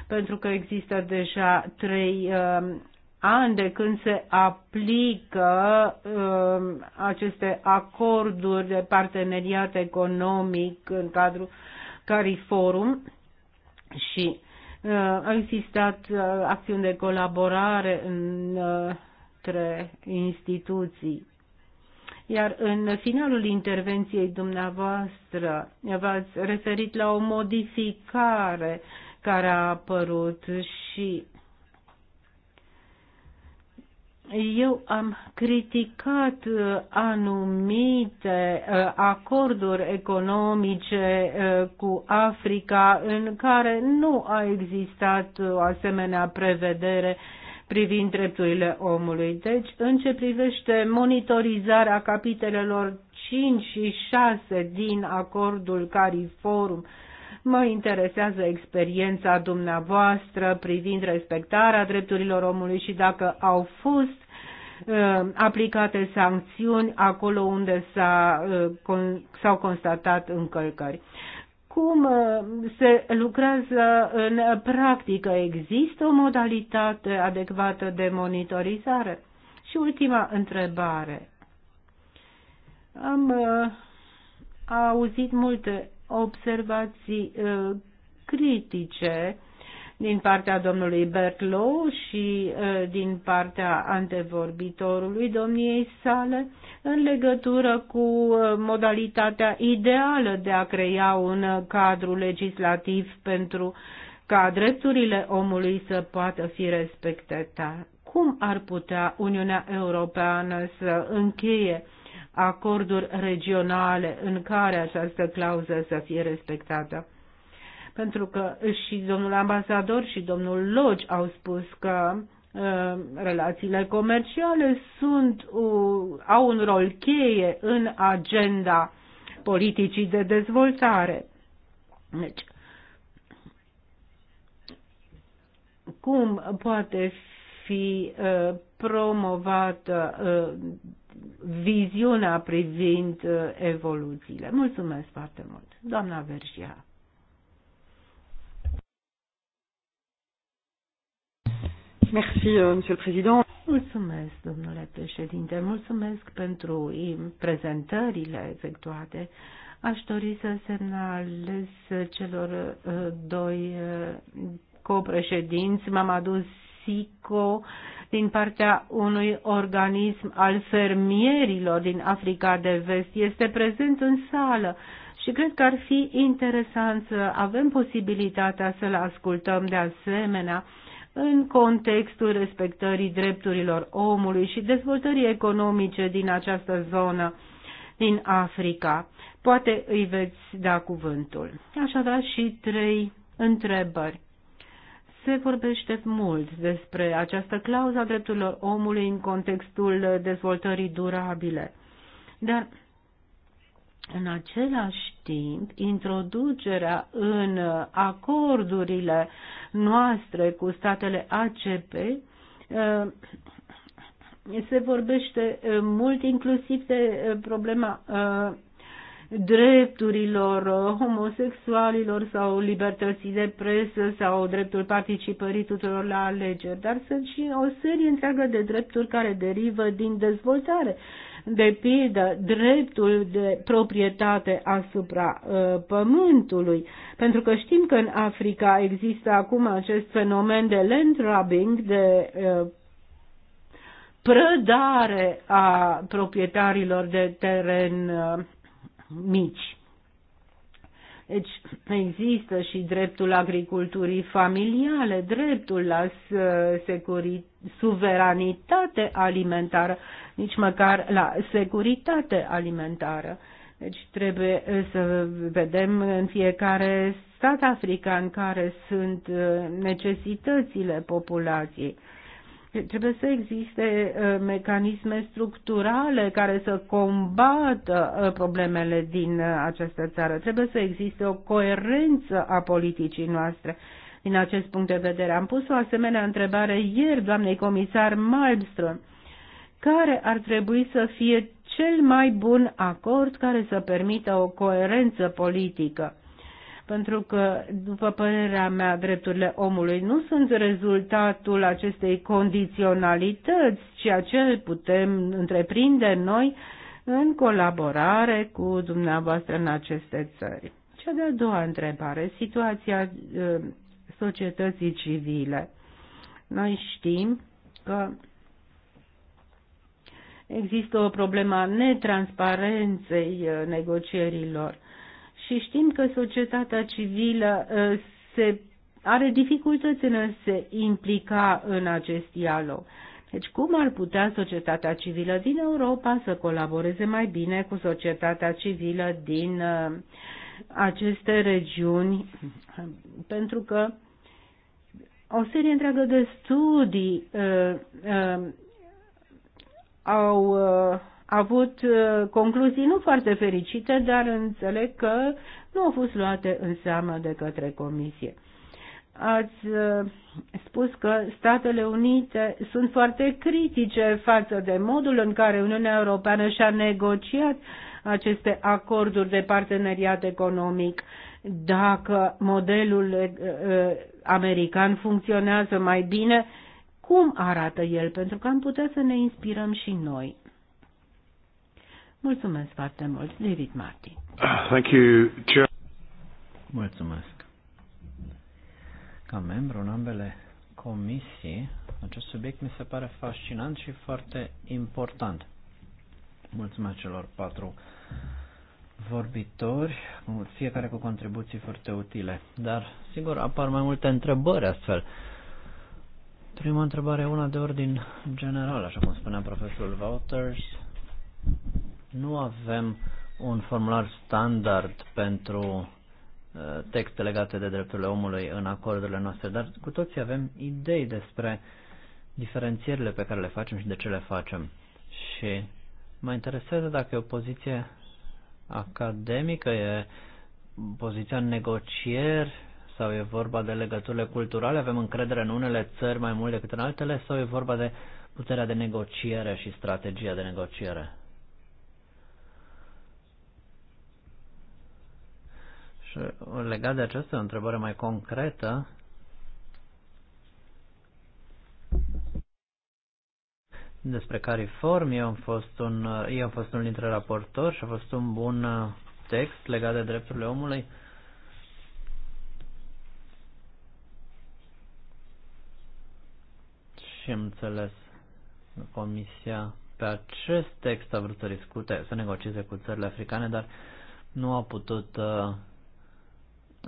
pentru că există deja trei uh, ani de când se aplică uh, aceste acorduri de parteneriat economic în cadrul CARIFORUM și au existat acțiuni de colaborare între instituții iar în finalul intervenției dumneavoastră v-ați referit la o modificare care a apărut și eu am criticat anumite uh, acorduri economice uh, cu Africa în care nu a existat o asemenea prevedere privind drepturile omului. Deci, în ce privește monitorizarea capitelelor 5 și 6 din acordul CARIFORUM, mă interesează experiența dumneavoastră privind respectarea drepturilor omului și dacă au fost uh, aplicate sancțiuni acolo unde uh, s-au con constatat încălcări cum uh, se lucrează în practică? Există o modalitate adecvată de monitorizare? Și ultima întrebare. Am uh, auzit multe observații uh, critice din partea domnului Bertlow și din partea antevorbitorului domniei sale în legătură cu modalitatea ideală de a crea un cadru legislativ pentru ca drepturile omului să poată fi respectate. Cum ar putea Uniunea Europeană să încheie acorduri regionale în care această clauză să fie respectată? Pentru că și domnul ambasador și domnul Lodge au spus că uh, relațiile comerciale sunt, au un rol cheie în agenda politicii de dezvoltare. Deci, cum poate fi uh, promovată uh, viziunea privind evoluțiile? Mulțumesc foarte mult, doamna Vergea. Merci, euh, Monsieur le Président. Mulțumesc, domnule președinte, mulțumesc pentru prezentările efectuate. Aș dori să semnalez celor uh, doi uh, copreședinți. M-am adus SICO din partea unui organism al fermierilor din Africa de Vest. Este prezent în sală și cred că ar fi interesant să avem posibilitatea să-l ascultăm de asemenea în contextul respectării drepturilor omului și dezvoltării economice din această zonă din Africa. Poate îi veți da cuvântul. Aș avea și trei întrebări. Se vorbește mult despre această clauză a drepturilor omului în contextul dezvoltării durabile. Dar în același timp, introducerea în acordurile noastre cu statele ACP eh, se vorbește eh, mult inclusiv de eh, problema drepturilor homosexualilor sau libertății de presă sau dreptul participării tuturor la alegeri, dar sunt și o serie întreagă de drepturi care derivă din dezvoltare de pildă dreptul de proprietate asupra uh, pământului, pentru că știm că în Africa există acum acest fenomen de land grabbing, de uh, prădare a proprietarilor de teren uh, mici. Deci există și dreptul agriculturii familiale, dreptul la suveranitate alimentară, nici măcar la securitate alimentară. Deci trebuie eh, să vedem în fiecare stat african care sunt eh, necesitățile populației. Trebuie să existe uh, mecanisme structurale care să combată uh, problemele din uh, această țară. Trebuie să existe o coerență a politicii noastre. Din acest punct de vedere, am pus o asemenea întrebare ieri doamnei comisar Malmström. Care ar trebui să fie cel mai bun acord care să permită o coerență politică? pentru că, după părerea mea, drepturile omului nu sunt rezultatul acestei condiționalități, ceea ce putem întreprinde noi în colaborare cu dumneavoastră în aceste țări. Cea de-a doua întrebare, situația ă, societății civile. Noi știm că există o problemă a netransparenței ă, negocierilor și știm că societatea civilă ă, se are dificultăți în a se implica în acest dialog. Deci cum ar putea societatea civilă din Europa să colaboreze mai bine cu societatea civilă din ă, aceste regiuni? Pentru că o serie întreagă de studii uh, uh, au uh, avut uh, concluzii nu foarte fericite, dar înțeleg că nu au fost luate în seamă de către Comisie. Ați uh, spus că Statele Unite sunt foarte critice față de modul în care Uniunea Europeană și-a negociat aceste acorduri de parteneriat economic. Dacă modelul uh, american funcționează mai bine, cum arată el? Pentru că am putea să ne inspirăm și noi. Mulțumesc foarte mult, David Martin. Thank you, Chair. Mulțumesc. Ca membru în ambele comisii, acest subiect mi se pare fascinant și foarte important. Mulțumesc celor patru vorbitori, fiecare cu contribuții foarte utile. Dar, sigur, apar mai multe întrebări astfel. Prima întrebare e una de ordin general, așa cum spunea profesorul Wouters. Nu avem un formular standard pentru uh, texte legate de drepturile omului în acordurile noastre, dar cu toții avem idei despre diferențierile pe care le facem și de ce le facem. Și mă interesează dacă e o poziție academică, e poziția în negocieri sau e vorba de legăturile culturale, avem încredere în unele țări mai mult decât în altele sau e vorba de puterea de negociere și strategia de negociere? Și uh, legat de această întrebare mai concretă, despre Cariform, eu am fost un, eu am fost un dintre raportori și a fost un bun uh, text legat de drepturile omului. Și am înțeles Comisia pe acest text a vrut să discute, să negocieze cu țările africane, dar nu a putut uh,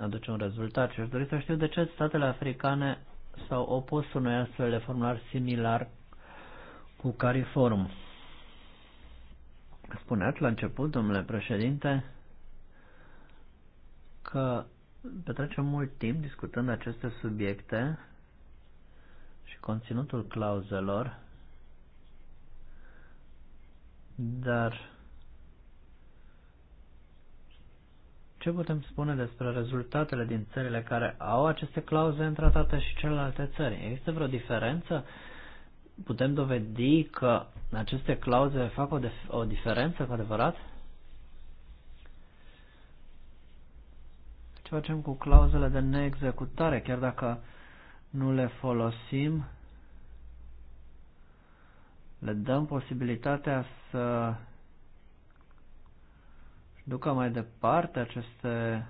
aduce un rezultat și aș dori să știu de ce statele africane s-au opus unui astfel de formular similar cu Cariforum. Spuneați la început, domnule președinte, că petrecem mult timp discutând aceste subiecte și conținutul clauzelor, dar ce putem spune despre rezultatele din țările care au aceste clauze în tratate și celelalte țări? Există vreo diferență? Putem dovedi că aceste clauze fac o, o diferență cu adevărat? Ce facem cu clauzele de neexecutare, chiar dacă nu le folosim? Le dăm posibilitatea să ducă mai departe aceste...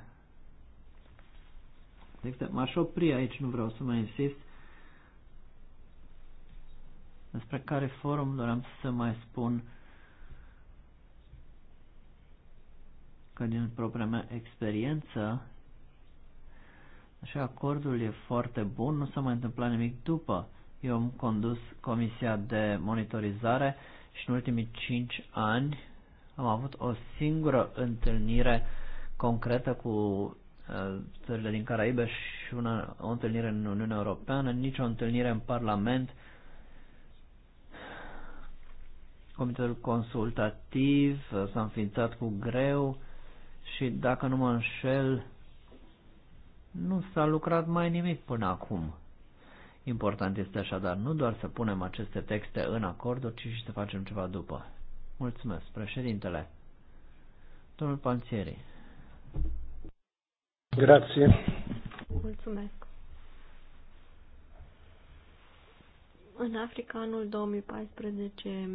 Adică m-aș opri aici, nu vreau să mai insist. Despre care forum doream să mai spun că din propria mea experiență Așa, acordul e foarte bun, nu s-a mai întâmplat nimic după. Eu am condus comisia de monitorizare și în ultimii 5 ani am avut o singură întâlnire concretă cu uh, țările din Caraibe și una, o întâlnire în Uniunea Europeană, nici o întâlnire în Parlament. Comitetul consultativ uh, s-a înființat cu greu și, dacă nu mă înșel, nu s-a lucrat mai nimic până acum. Important este așadar nu doar să punem aceste texte în acorduri, ci și să facem ceva după. Mulțumesc, președintele. Domnul Panțieri. Grație. Mulțumesc. În Africa, anul 2014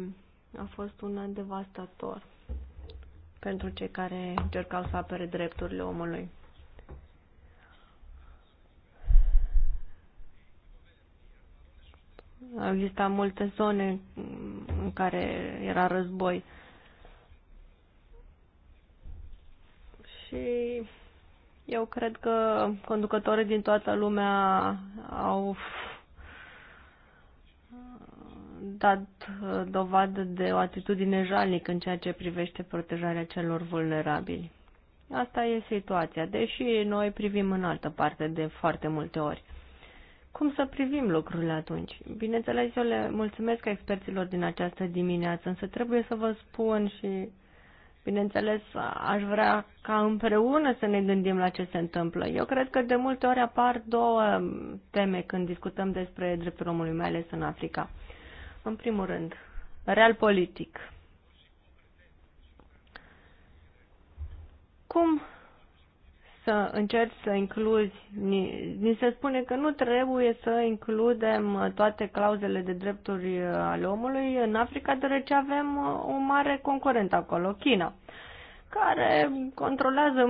a fost un an devastator pentru cei care încercau să apere drepturile omului. Au existat multe zone în care era război. Și eu cred că conducătorii din toată lumea au dat dovadă de o atitudine jalnică în ceea ce privește protejarea celor vulnerabili. Asta e situația, deși noi privim în altă parte de foarte multe ori cum să privim lucrurile atunci. Bineînțeles, eu le mulțumesc experților din această dimineață, însă trebuie să vă spun și, bineînțeles, aș vrea ca împreună să ne gândim la ce se întâmplă. Eu cred că de multe ori apar două teme când discutăm despre dreptul omului, mai ales în Africa. În primul rând, real politic. Cum să încerci să incluzi, ni se spune că nu trebuie să includem uh, toate clauzele de drepturi uh, ale omului în Africa, deoarece avem uh, o mare concurent acolo, China, care controlează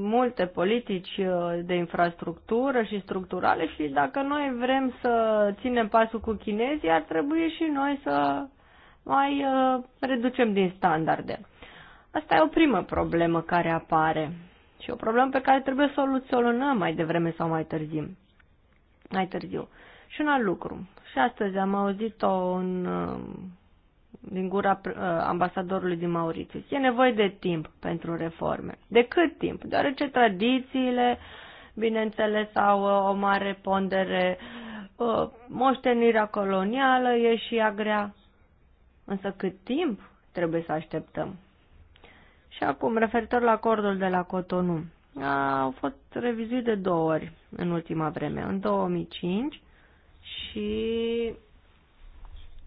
multe politici de infrastructură și structurale și dacă noi vrem să ținem pasul cu chinezii, ar trebui și noi să mai reducem din standarde. Asta e o primă problemă care apare și o problemă pe care trebuie să o soluționăm mai devreme sau mai târziu. Mai târziu. Și un alt lucru. Și astăzi am auzit-o în, uh, din gura uh, ambasadorului din Mauritius. E nevoie de timp pentru reforme. De cât timp? Deoarece tradițiile, bineînțeles, au uh, o mare pondere. Moștenirea colonială e și ea grea. Însă cât timp trebuie să așteptăm? Și acum, referitor la acordul de la Cotonou, au fost revizuit de două ori în ultima vreme, în 2005 și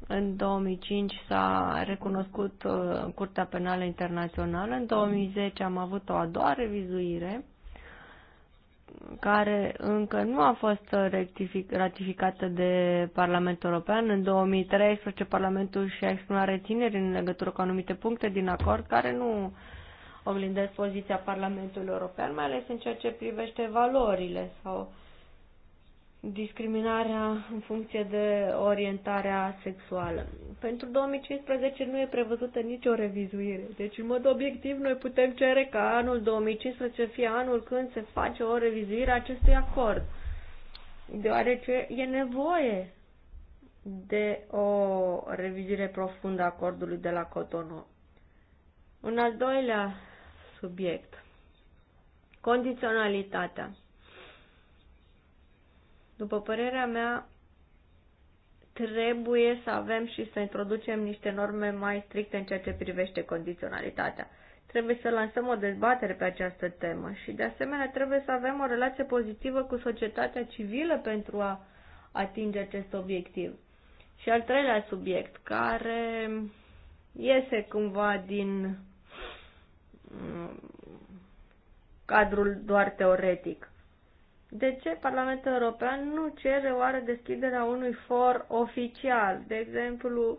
în 2005 s-a recunoscut uh, Curtea Penală Internațională, în 2010 am avut o a doua revizuire care încă nu a fost ratificată de Parlamentul European. În 2013 Parlamentul și-a exprimat rețineri în legătură cu anumite puncte din acord care nu uh, oglindesc poziția Parlamentului European, mai ales în ceea ce privește valorile sau discriminarea în funcție de orientarea sexuală. Pentru 2015 nu e prevăzută nicio revizuire. Deci, în mod obiectiv, noi putem cere ca anul 2015 să fie anul când se face o revizuire a acestui acord. Deoarece e nevoie de o revizuire profundă a acordului de la Cotonou. Un al doilea subiect. Condiționalitatea. După părerea mea, trebuie să avem și să introducem niște norme mai stricte în ceea ce privește condiționalitatea. Trebuie să lansăm o dezbatere pe această temă și, de asemenea, trebuie să avem o relație pozitivă cu societatea civilă pentru a atinge acest obiectiv. Și al treilea subiect, care iese cumva din cadrul doar teoretic. De ce Parlamentul European nu cere oare deschiderea unui for oficial, de exemplu,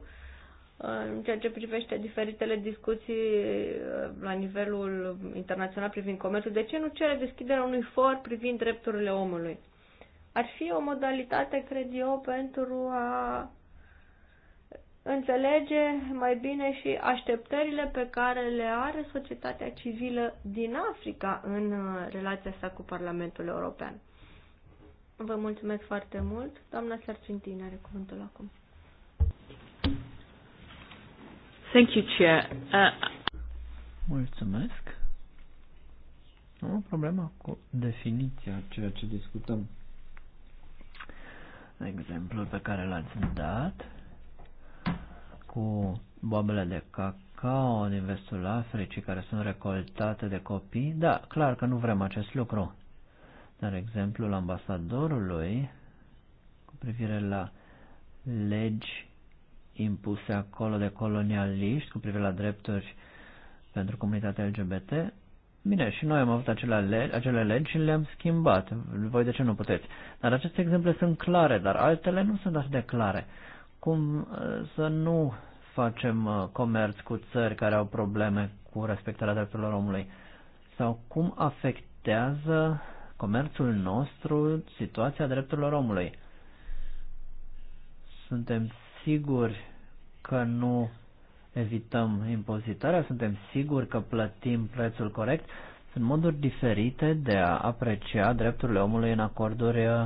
în ceea ce privește diferitele discuții uh, la nivelul internațional privind comerțul, de ce nu cere deschiderea unui for privind drepturile omului? Ar fi o modalitate, cred eu, pentru a înțelege mai bine și așteptările pe care le are societatea civilă din Africa în uh, relația sa cu Parlamentul European. Vă mulțumesc foarte mult. Doamna Sarcintini are cuvântul acum. Thank you, Chair. Uh... Mulțumesc. Am o problemă cu definiția ceea ce discutăm. Exemplul pe care l-ați dat cu boabele de cacao din vestul Africii care sunt recoltate de copii, da, clar că nu vrem acest lucru. Dar exemplul ambasadorului cu privire la legi impuse acolo de colonialiști cu privire la drepturi pentru comunitatea LGBT, Bine, și noi am avut acele legi, acele legi și le-am schimbat. Voi de ce nu puteți? Dar aceste exemple sunt clare, dar altele nu sunt atât de clare cum uh, să nu facem uh, comerț cu țări care au probleme cu respectarea drepturilor omului sau cum afectează comerțul nostru situația drepturilor omului. Suntem siguri că nu evităm impozitarea, suntem siguri că plătim prețul corect. Sunt moduri diferite de a aprecia drepturile omului în acorduri uh,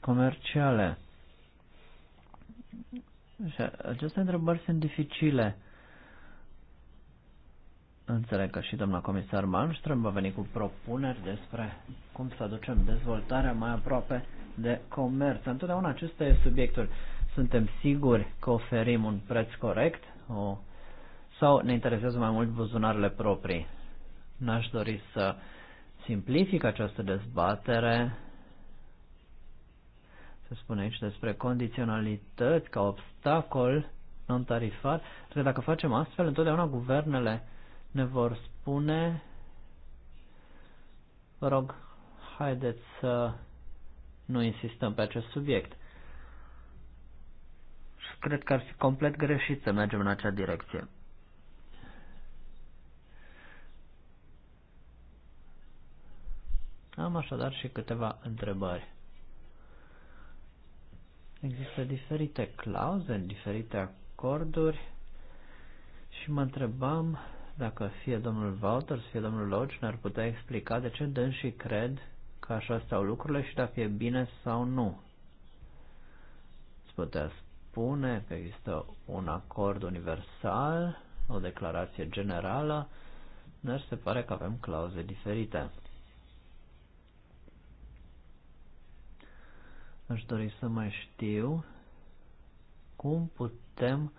comerciale. Și aceste întrebări sunt dificile. Înțeleg că și doamna comisar Malmström va veni cu propuneri despre cum să aducem dezvoltarea mai aproape de comerț. Întotdeauna aceste subiecturi suntem siguri că oferim un preț corect o, sau ne interesează mai mult buzunarele proprii. N-aș dori să simplific această dezbatere se spune aici despre condiționalități ca obstacol non-tarifar. că dacă facem astfel, întotdeauna guvernele ne vor spune vă rog, haideți să nu insistăm pe acest subiect. Și cred că ar fi complet greșit să mergem în acea direcție. Am așadar și câteva întrebări. Există diferite clauze, diferite acorduri și mă întrebam dacă fie domnul Wouters, fie domnul Lodge ne-ar putea explica de ce dânsii cred că așa stau lucrurile și dacă e bine sau nu. Îți putea spune că există un acord universal, o declarație generală, dar se pare că avem clauze diferite. Aș dori să mai știu cum putem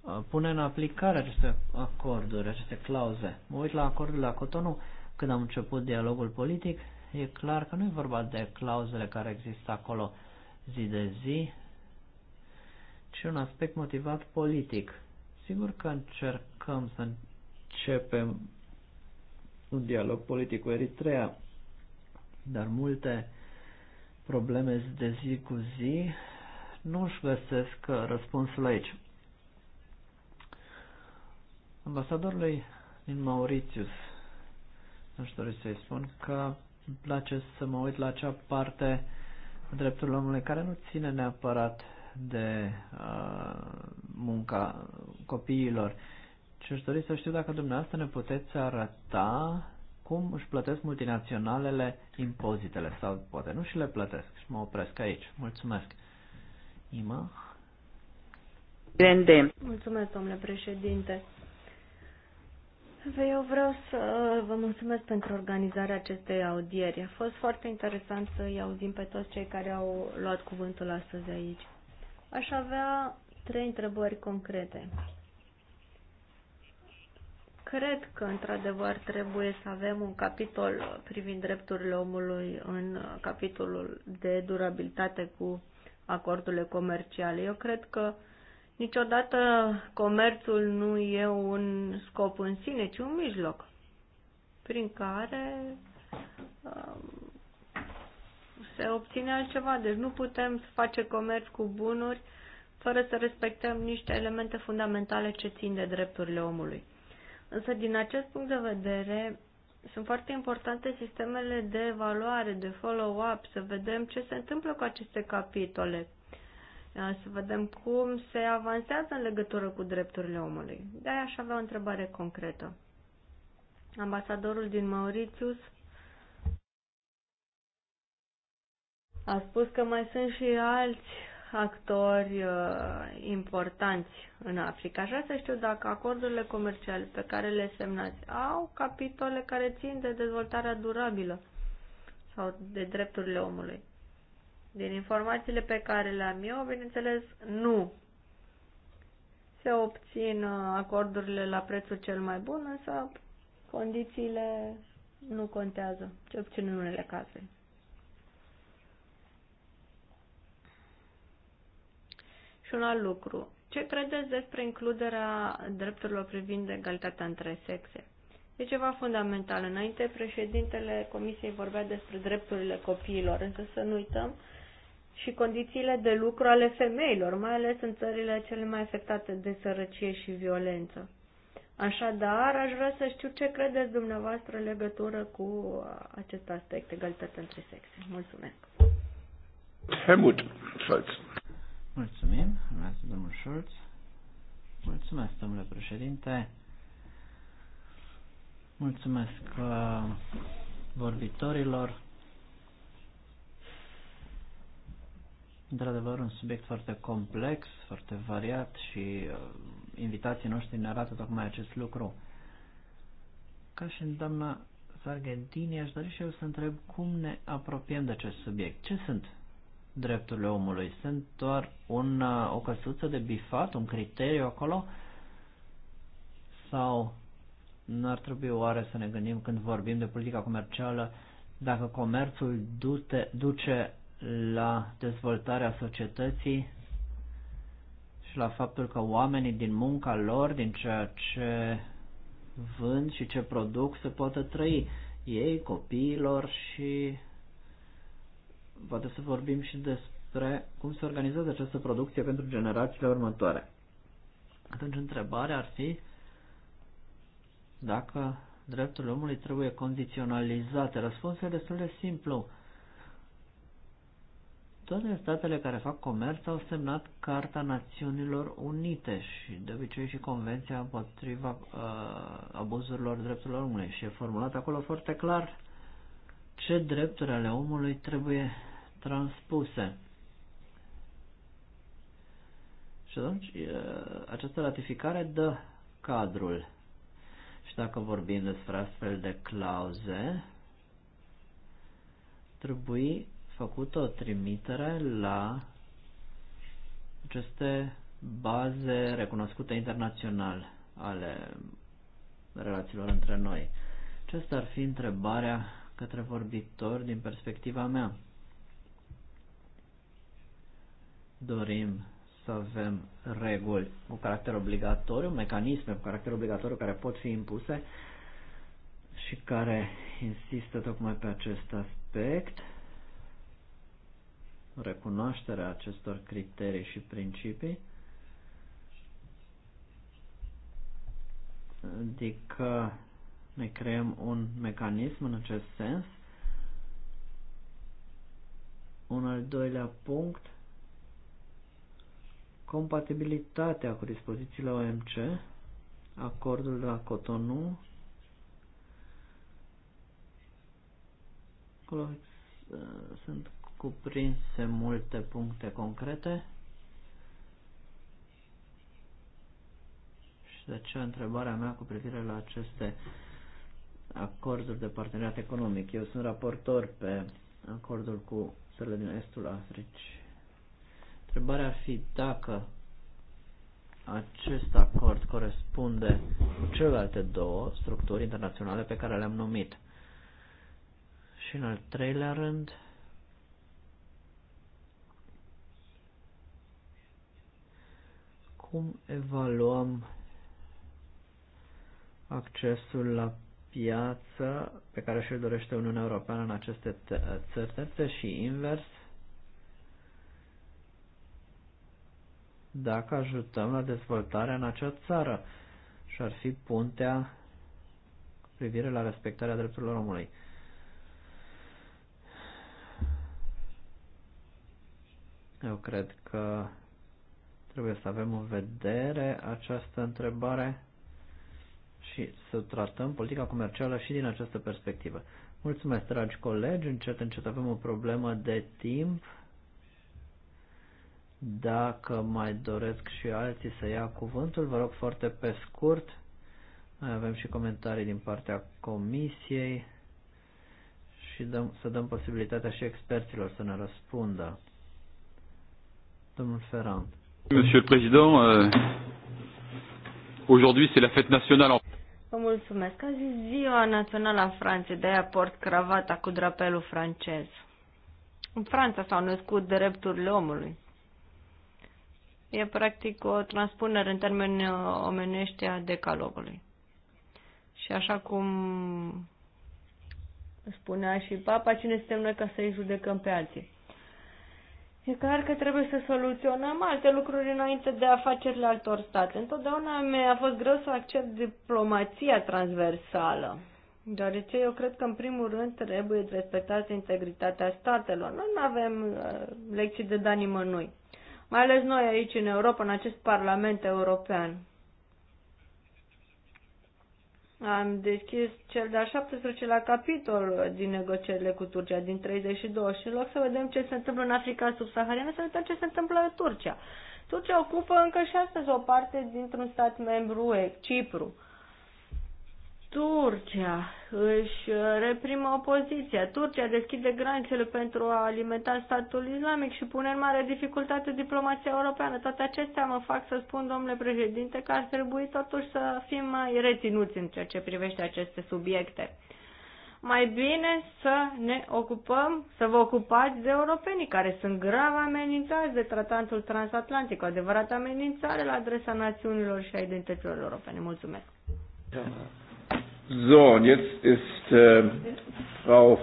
uh, pune în aplicare aceste acorduri, aceste clauze. Mă uit la acordul la Cotonou, când am început dialogul politic, e clar că nu e vorba de clauzele care există acolo zi de zi, ci un aspect motivat politic. Sigur că încercăm să începem un dialog politic cu Eritrea, dar multe probleme de zi cu zi nu își găsesc uh, răspunsul aici. Ambasadorului din Mauritius aș dori să-i spun că îmi place să mă uit la acea parte a drepturilor omului care nu ține neapărat de uh, munca copiilor. Și aș dori să știu dacă dumneavoastră ne puteți arăta cum își plătesc multinaționalele impozitele sau poate nu și le plătesc și mă opresc aici. Mulțumesc. Ima? Grande. Mulțumesc, domnule președinte. Eu vreau să vă mulțumesc pentru organizarea acestei audieri. A fost foarte interesant să-i auzim pe toți cei care au luat cuvântul astăzi aici. Aș avea trei întrebări concrete cred că, într-adevăr, trebuie să avem un capitol privind drepturile omului în capitolul de durabilitate cu acordurile comerciale. Eu cred că niciodată comerțul nu e un scop în sine, ci un mijloc prin care um, se obține altceva. Deci nu putem să face comerț cu bunuri fără să respectăm niște elemente fundamentale ce țin de drepturile omului. Însă, din acest punct de vedere, sunt foarte importante sistemele de evaluare, de follow-up, să vedem ce se întâmplă cu aceste capitole, uh, să vedem cum se avansează în legătură cu drepturile omului. De-aia aș avea o întrebare concretă. Ambasadorul din Mauritius a spus că mai sunt și alți actori uh, importanți în Africa. Așa să știu dacă acordurile comerciale pe care le semnați au capitole care țin de dezvoltarea durabilă sau de drepturile omului. Din informațiile pe care le am eu, bineînțeles, nu se obțin uh, acordurile la prețul cel mai bun, însă condițiile nu contează, ce puțin în unele cazuri. Și un alt lucru. Ce credeți despre includerea drepturilor privind egalitatea între sexe? E ceva fundamental. Înainte, președintele Comisiei vorbea despre drepturile copiilor, însă să nu uităm și condițiile de lucru ale femeilor, mai ales în țările cele mai afectate de sărăcie și violență. Așadar, aș vrea să știu ce credeți dumneavoastră în legătură cu uh, acest aspect, egalitatea între sexe. Mulțumesc. Helmut Scholz. Mulțumim, Mulțumesc domnul Schulz. Mulțumesc, domnule președinte. Mulțumesc uh, vorbitorilor. Într-adevăr, un subiect foarte complex, foarte variat și uh, invitații noștri ne arată tocmai acest lucru. Ca și în doamna Sargentini, aș dori și eu să întreb cum ne apropiem de acest subiect. Ce sunt drepturile omului. Sunt doar un, uh, o căsuță de bifat, un criteriu acolo? Sau n-ar trebui oare să ne gândim când vorbim de politica comercială dacă comerțul dute, duce la dezvoltarea societății și la faptul că oamenii din munca lor, din ceea ce vând și ce produc, se poate trăi ei, copiilor și poate să vorbim și despre cum se organizează această producție pentru generațiile următoare. Atunci întrebarea ar fi dacă dreptul omului trebuie condiționalizate. Răspunsul e destul de simplu. Toate statele care fac comerț au semnat Carta Națiunilor Unite și de obicei și Convenția împotriva uh, abuzurilor drepturilor omului și e formulat acolo foarte clar ce drepturi ale omului trebuie transpuse. Și atunci această ratificare dă cadrul. Și dacă vorbim despre astfel de clauze, trebuie făcută o trimitere la aceste baze recunoscute internațional ale relațiilor între noi. Aceasta ar fi întrebarea către vorbitor din perspectiva mea. Dorim să avem reguli cu caracter obligatoriu, mecanisme cu caracter obligatoriu care pot fi impuse și care insistă tocmai pe acest aspect, recunoașterea acestor criterii și principii, adică ne creăm un mecanism în acest sens. Un al doilea punct, compatibilitatea cu dispozițiile OMC, acordul de la Cotonou, acolo uh, sunt cuprinse multe puncte concrete și de aceea întrebarea mea cu privire la aceste acorduri de parteneriat economic. Eu sunt raportor pe acordul cu țările din estul Africii. Întrebarea ar fi dacă acest acord corespunde cu celelalte două structuri internaționale pe care le-am numit. Și în al treilea rând, cum evaluăm accesul la piață pe care și l dorește Uniunea Europeană în aceste țări terțe și invers, dacă ajutăm la dezvoltarea în acea țară și ar fi puntea cu privire la respectarea drepturilor omului. Eu cred că trebuie să avem în vedere această întrebare și să tratăm politica comercială și din această perspectivă. Mulțumesc, dragi colegi, încet, încet avem o problemă de timp. Dacă mai doresc și alții să ia cuvântul, vă rog foarte pe scurt. Mai avem și comentarii din partea comisiei și dăm, să dăm posibilitatea și experților să ne răspundă. Domnul Ferrand. Monsieur le Président, euh, aujourd'hui c'est la fête nationale Vă mulțumesc. Azi e ziua națională a Franței, de-aia port cravata cu drapelul francez. În Franța s-au născut drepturile omului. E practic o transpunere în termeni uh, omenești a decalogului. Și așa cum spunea și papa, cine suntem noi ca să-i judecăm pe alții? E clar că trebuie să soluționăm alte lucruri înainte de afacerile altor state. Întotdeauna mi-a fost greu să accept diplomația transversală, deoarece eu cred că, în primul rând, trebuie respectată integritatea statelor. Noi nu avem uh, lecții de dani nimănui, mai ales noi aici, în Europa, în acest Parlament European. Am deschis cel de-al 17-lea capitol din negocierile cu Turcia, din 32, și în loc să vedem ce se întâmplă în Africa subsahariană, să vedem ce se întâmplă în Turcia. Turcia ocupă încă și astăzi o parte dintr-un stat membru UE, Cipru. Turcia își uh, reprimă opoziția. Turcia deschide granițele pentru a alimenta statul islamic și pune în mare dificultate diplomația europeană. Toate acestea mă fac să spun, domnule președinte, că ar trebui totuși să fim mai reținuți în ceea ce privește aceste subiecte. Mai bine să ne ocupăm, să vă ocupați de europenii care sunt grav amenințați de tratantul transatlantic, o adevărată amenințare la adresa națiunilor și a identităților europene. Mulțumesc! Da. So, und jetzt ist äh, Frau.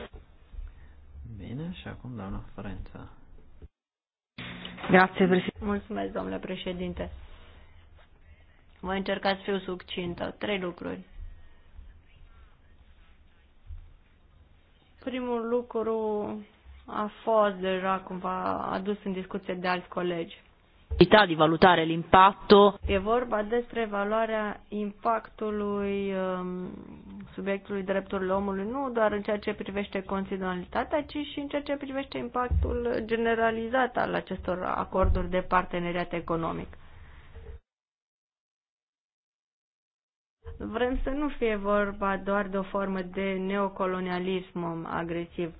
Bine, și acum doamna Ferența. Grazie, președinte. Mulțumesc, domnule președinte. Voi încerca să fiu succintă. Trei lucruri. Primul lucru a fost deja cumva adus în discuție de alți colegi de valutare l'impatto. E vorba despre valoarea impactului um, subiectului drepturilor omului, nu doar în ceea ce privește condiționalitatea, ci și în ceea ce privește impactul generalizat al acestor acorduri de parteneriat economic. Vrem să nu fie vorba doar de o formă de neocolonialism agresiv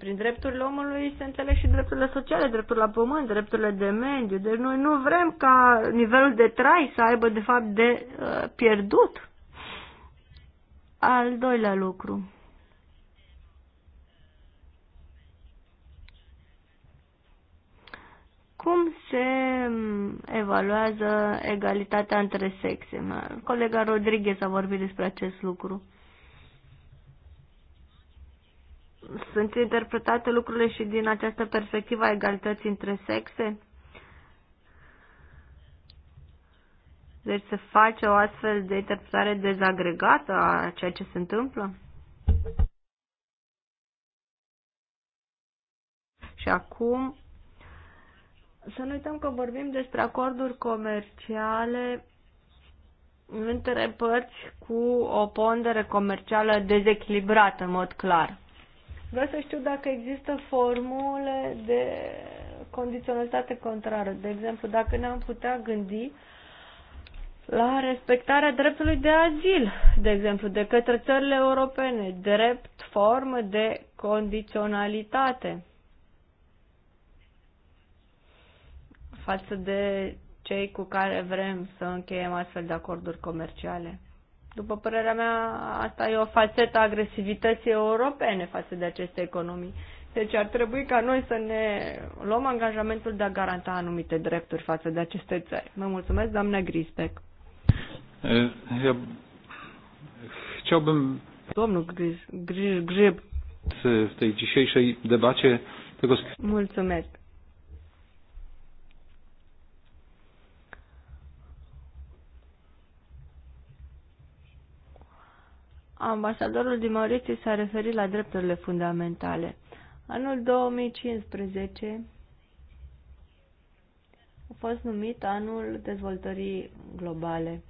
prin drepturile omului se înțeleg și drepturile sociale, dreptul la pământ, drepturile de mediu. Deci noi nu vrem ca nivelul de trai să aibă, de fapt, de uh, pierdut. Al doilea lucru. Cum se um, evaluează egalitatea între sexe? Colega Rodriguez a vorbit despre acest lucru. sunt interpretate lucrurile și din această perspectivă a egalității între sexe? Deci se face o astfel de interpretare dezagregată a ceea ce se întâmplă? Și acum să nu uităm că vorbim despre acorduri comerciale între părți cu o pondere comercială dezechilibrată în mod clar. Vreau să știu dacă există formule de condiționalitate contrară. De exemplu, dacă ne-am putea gândi la respectarea dreptului de azil, de exemplu, de către țările europene, drept formă de condiționalitate față de cei cu care vrem să încheiem astfel de acorduri comerciale. După părerea mea, asta e o falsetă a agresivității europene față de aceste economii. Deci ar trebui ca noi să ne luăm angajamentul de a garanta anumite drepturi față de aceste țări. Mă mulțumesc, doamna Grisbeck. Eu... Chciałbym... Domnul Gris, Gris, Grzyb. W tej dzisiejszej debacie tego... Mulțumesc. Ambasadorul din Mauritius s-a referit la drepturile fundamentale. Anul 2015 a fost numit anul dezvoltării globale.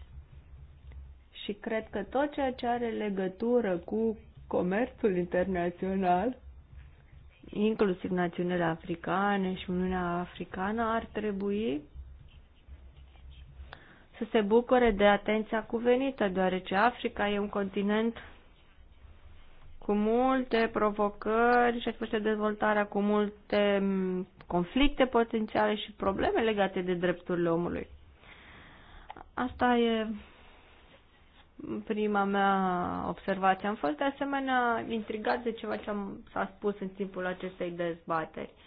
Și cred că tot ceea ce are legătură cu comerțul internațional, inclusiv națiunile africane și Uniunea Africană, ar trebui să se bucure de atenția cuvenită, deoarece Africa e un continent cu multe provocări și această dezvoltarea cu multe conflicte potențiale și probleme legate de drepturile omului. Asta e prima mea observație. Am fost de asemenea intrigat de ceva ce am, s-a spus în timpul acestei dezbateri. Uh,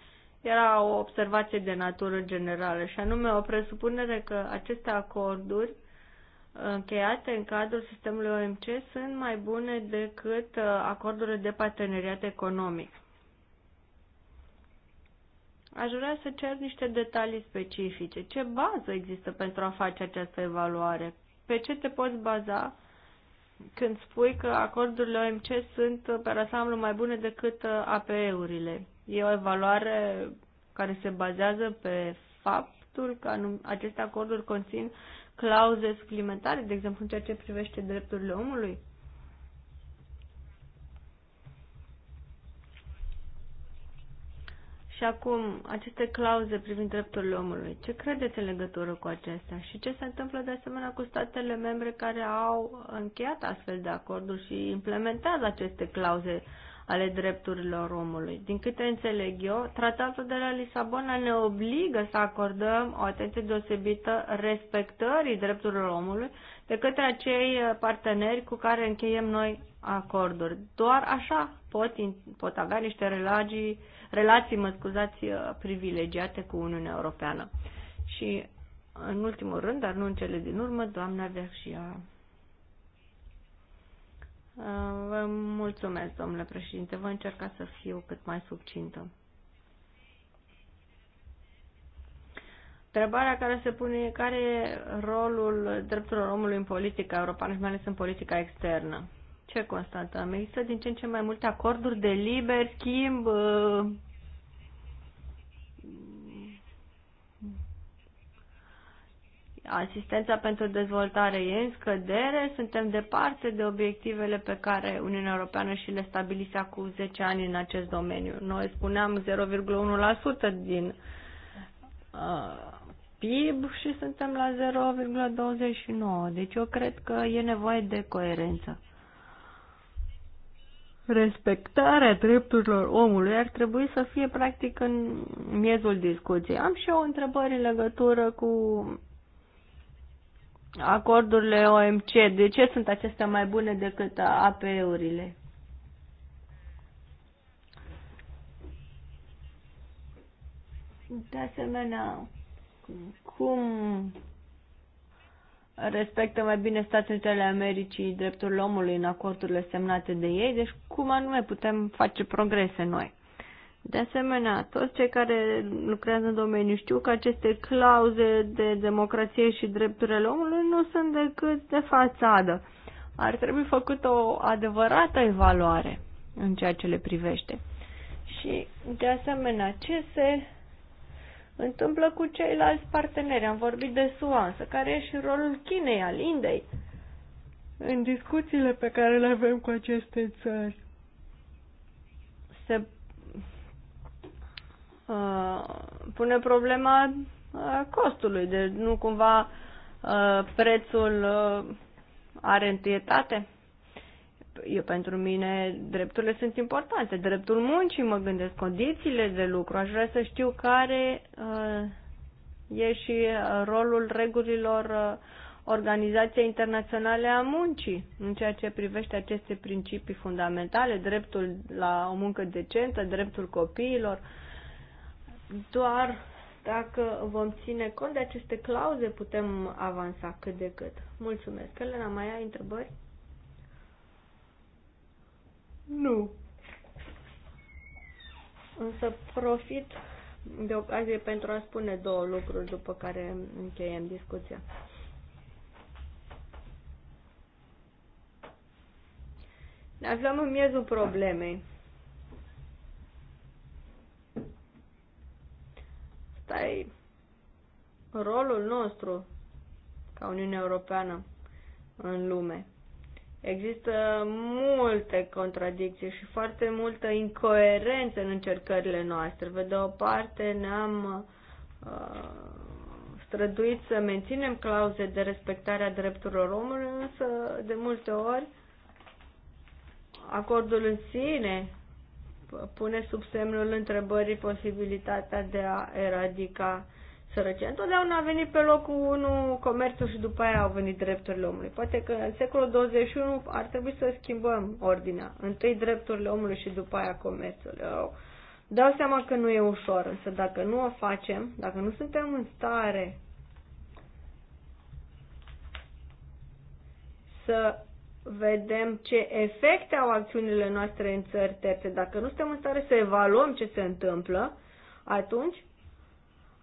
era o observație de natură generală și anume o presupunere că aceste acorduri uh, încheiate în cadrul sistemului OMC sunt mai bune decât uh, acordurile de parteneriat economic. Aș vrea să cer niște detalii specifice. Ce bază există pentru a face această evaluare? Pe ce te poți baza când spui că acordurile OMC sunt uh, pe ansamblu mai bune decât uh, APE-urile. E o evaluare care se bazează pe faptul că aceste acorduri conțin clauze suplimentare, de exemplu în ceea ce privește drepturile omului? Și acum, aceste clauze privind drepturile omului, ce credeți în legătură cu acestea și ce se întâmplă de asemenea cu statele membre care au încheiat astfel de acorduri și implementează aceste clauze ale drepturilor omului? Din câte înțeleg eu, tratatul de la Lisabona ne obligă să acordăm o atenție deosebită respectării drepturilor omului de către acei parteneri cu care încheiem noi acorduri. Doar așa pot, pot avea niște relații relații, mă scuzați, uh, privilegiate cu Uniunea Europeană. Și, în ultimul rând, dar nu în cele din urmă, doamna Vergia. Uh, vă mulțumesc, domnule președinte. Vă încerca să fiu cât mai subcintă. Întrebarea care se pune e care e rolul drepturilor omului în politica europeană și mai ales în politica externă ce constatăm? Există din ce în ce mai multe acorduri de liber schimb uh, asistența pentru dezvoltare e în scădere, suntem departe de obiectivele pe care Uniunea Europeană și le stabilise acum 10 ani în acest domeniu. Noi spuneam 0,1% din uh, PIB și suntem la 0,29. Deci eu cred că e nevoie de coerență respectarea drepturilor omului ar trebui să fie practic în miezul discuției. Am și eu întrebări în legătură cu acordurile OMC. De ce sunt acestea mai bune decât APE-urile? De asemenea, cum respectă mai bine Statele Unite ale Americii drepturile omului în acordurile semnate de ei, deci cum anume putem face progrese noi. De asemenea, toți cei care lucrează în domeniu știu că aceste clauze de democrație și drepturile omului nu sunt decât de fațadă. Ar trebui făcută o adevărată evaluare în ceea ce le privește. Și, de asemenea, ce se întâmplă cu ceilalți parteneri. Am vorbit de suansă, care e și rolul Chinei, al Indei în discuțiile pe care le avem cu aceste țări. Se uh, pune problema uh, costului, de deci, nu cumva uh, prețul uh, are întâietate? eu pentru mine drepturile sunt importante. Dreptul muncii, mă gândesc, condițiile de lucru. Aș vrea să știu care uh, e și uh, rolul regulilor uh, Organizației Internaționale a Muncii în ceea ce privește aceste principii fundamentale, dreptul la o muncă decentă, dreptul copiilor. Doar dacă vom ține cont de aceste clauze, putem avansa cât de cât. Mulțumesc. Elena, mai ai întrebări? Nu. Însă profit de ocazie pentru a spune două lucruri după care încheiem discuția. Ne aflăm în miezul problemei. Stai rolul nostru ca Uniunea Europeană în lume. Există multe contradicții și foarte multă incoerență în încercările noastre. Pe de o parte ne-am uh, străduit să menținem clauze de respectare a drepturilor omului, însă de multe ori acordul în sine pune sub semnul întrebării posibilitatea de a eradica uh, sărăcia. Întotdeauna a venit pe locul 1 comerțul și după aia au venit drepturile omului. Poate că în secolul 21 ar trebui să schimbăm ordinea. Întâi drepturile omului și după aia comerțul. Eu dau seama că nu e ușor, însă dacă nu o facem, dacă nu suntem în stare să vedem ce efecte au acțiunile noastre în țări terțe, dacă nu suntem în stare să evaluăm ce se întâmplă, atunci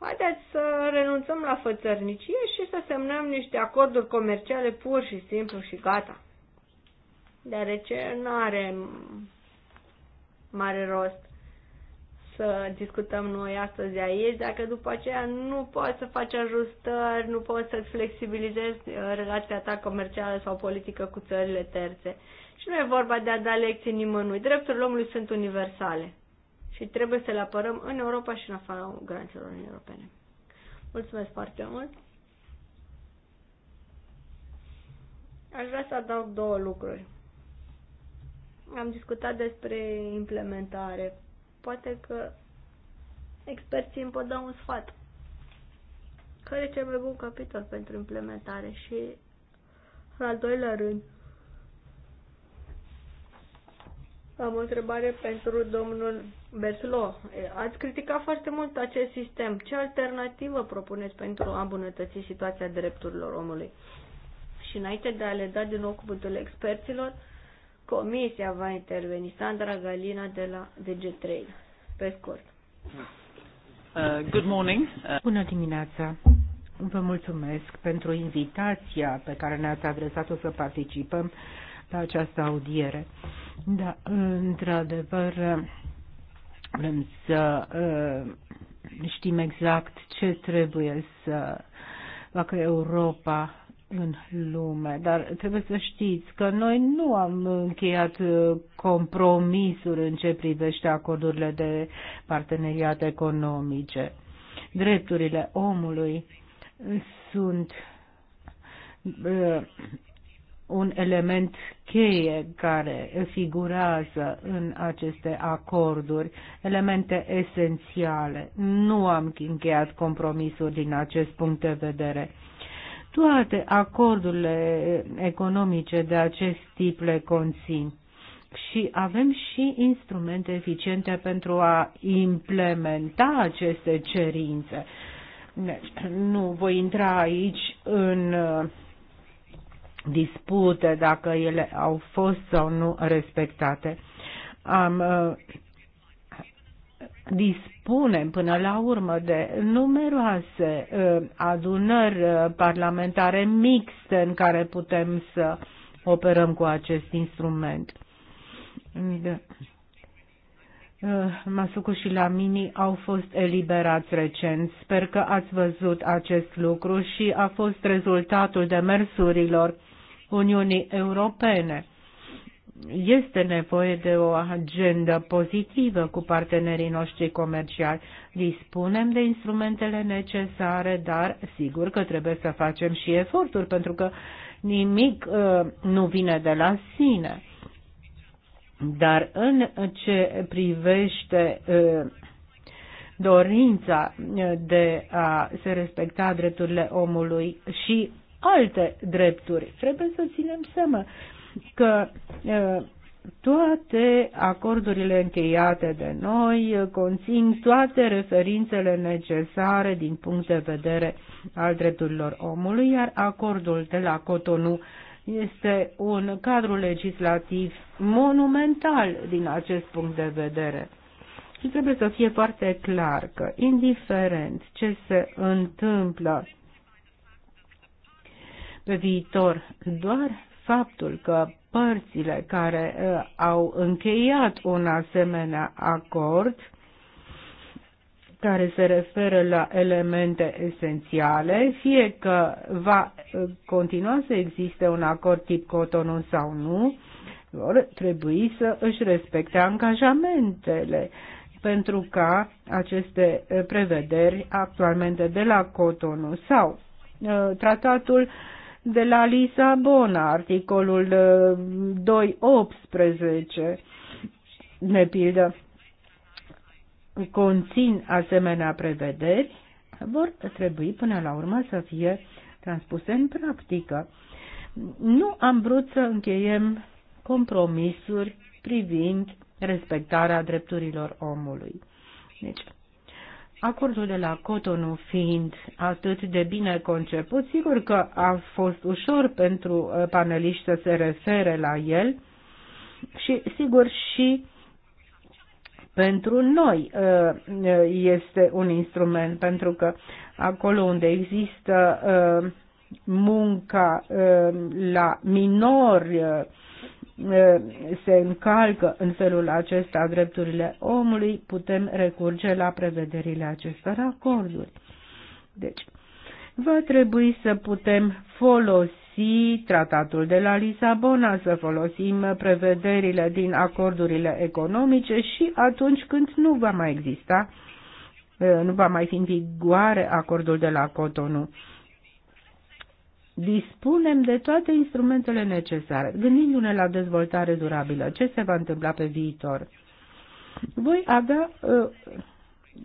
Haideți să renunțăm la fățărnicie și să semnăm niște acorduri comerciale pur și simplu și gata. Deoarece nu are mare rost să discutăm noi astăzi aici, dacă după aceea nu poți să faci ajustări, nu poți să flexibilizezi uh, relația ta comercială sau politică cu țările terțe. Și nu e vorba de a da lecții nimănui. Drepturile omului sunt universale și trebuie să le apărăm în Europa și în afara granițelor Europene. Mulțumesc foarte mult! Aș vrea să adaug două lucruri. Am discutat despre implementare. Poate că experții îmi pot da un sfat. Care e cel mai bun capitol pentru implementare? Și, în al doilea rând, am o întrebare pentru domnul Berslo, ați criticat foarte mult acest sistem. Ce alternativă propuneți pentru a îmbunătăți situația drepturilor omului? Și înainte de a le da din nou cuvântul experților, comisia va interveni. Sandra Galina de la DG3. Pe scurt. Uh, good morning. Uh... Bună dimineața. Vă mulțumesc pentru invitația pe care ne-ați adresat-o să participăm la această audiere. Da, într-adevăr, uh, Vrem să uh, știm exact ce trebuie să facă Europa în lume, dar trebuie să știți că noi nu am încheiat uh, compromisuri în ce privește acordurile de parteneriat economice. Drepturile omului sunt uh, un element cheie care figurează în aceste acorduri, elemente esențiale. Nu am încheiat compromisuri din acest punct de vedere. Toate acordurile economice de acest tip le conțin și avem și instrumente eficiente pentru a implementa aceste cerințe. Deci, nu voi intra aici în uh, dispute dacă ele au fost sau nu respectate. Am uh, dispunem până la urmă de numeroase uh, adunări uh, parlamentare mixte în care putem să operăm cu acest instrument. Da. Masuku și Lamini au fost eliberați recent. Sper că ați văzut acest lucru și a fost rezultatul demersurilor Uniunii Europene. Este nevoie de o agendă pozitivă cu partenerii noștri comerciali. Dispunem de instrumentele necesare, dar sigur că trebuie să facem și eforturi, pentru că nimic uh, nu vine de la sine. Dar în ce privește uh, dorința uh, de a se respecta drepturile omului și alte drepturi. Trebuie să ținem seama că toate acordurile încheiate de noi conțin toate referințele necesare din punct de vedere al drepturilor omului, iar acordul de la Cotonou este un cadru legislativ monumental din acest punct de vedere. Și trebuie să fie foarte clar că, indiferent ce se întâmplă pe viitor. Doar faptul că părțile care uh, au încheiat un asemenea acord care se referă la elemente esențiale, fie că va uh, continua să existe un acord tip Cotonou sau nu, vor trebui să își respecte angajamentele pentru ca aceste uh, prevederi actualmente de la Cotonou sau tratatul uh, de la Lisabona, articolul 2.18, uh, de pildă, conțin asemenea prevederi, vor trebui până la urmă să fie transpuse în practică. Nu am vrut să încheiem compromisuri privind respectarea drepturilor omului. Deci, Acordul de la Cotonou fiind atât de bine conceput, sigur că a fost ușor pentru uh, paneliști să se refere la el și sigur și pentru noi uh, este un instrument, pentru că acolo unde există uh, munca la minori, se încalcă în felul acesta drepturile omului, putem recurge la prevederile acestor acorduri. Deci, va trebui să putem folosi tratatul de la Lisabona, să folosim prevederile din acordurile economice și atunci când nu va mai exista, nu va mai fi în vigoare acordul de la Cotonou dispunem de toate instrumentele necesare, gândindu-ne la dezvoltare durabilă, ce se va întâmpla pe viitor. Voi avea uh,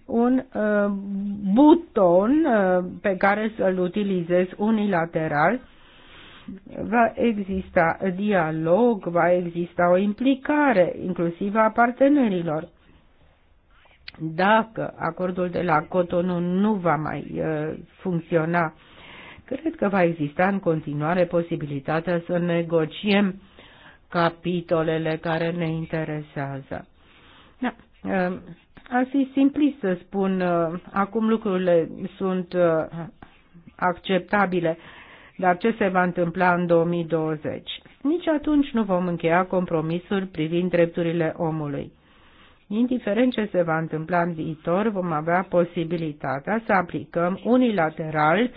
un uh, buton uh, pe care să-l utilizez unilateral. Va exista dialog, va exista o implicare, inclusiv a partenerilor. Dacă acordul de la Cotonou nu va mai uh, funcționa Cred că va exista în continuare posibilitatea să negociem capitolele care ne interesează. Da. Uh, ar fi simplist să spun, uh, acum lucrurile sunt uh, acceptabile, dar ce se va întâmpla în 2020? Nici atunci nu vom încheia compromisuri privind drepturile omului indiferent ce se va întâmpla în viitor, vom avea posibilitatea să aplicăm unilateral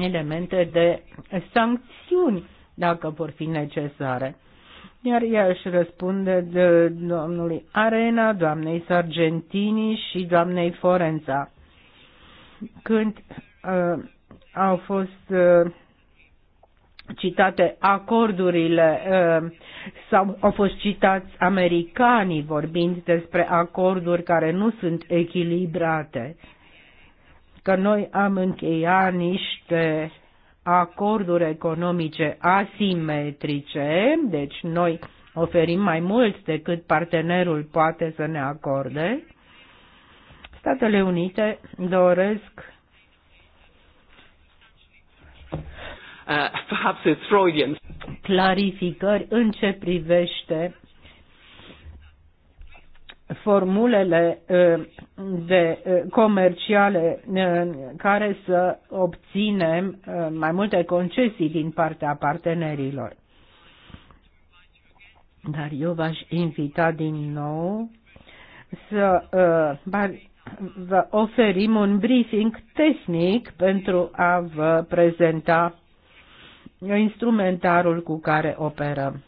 elemente de sancțiuni dacă vor fi necesare. Iar ea își răspunde de domnului Arena, doamnei Sargentini și doamnei Forența. Când uh, au fost uh, citate acordurile uh, sau au fost citați americanii vorbind despre acorduri care nu sunt echilibrate, că noi am încheiat niște acorduri economice asimetrice, deci noi oferim mai mult decât partenerul poate să ne acorde. Statele Unite doresc Uh, perhaps it's Freudian. Clarificări în ce privește formulele uh, de uh, comerciale care să obținem mai multe concesii din partea partenerilor. Dar eu v-aș invita din nou să vă oferim un briefing tehnic pentru a vă prezenta instrumentarul cu care operăm.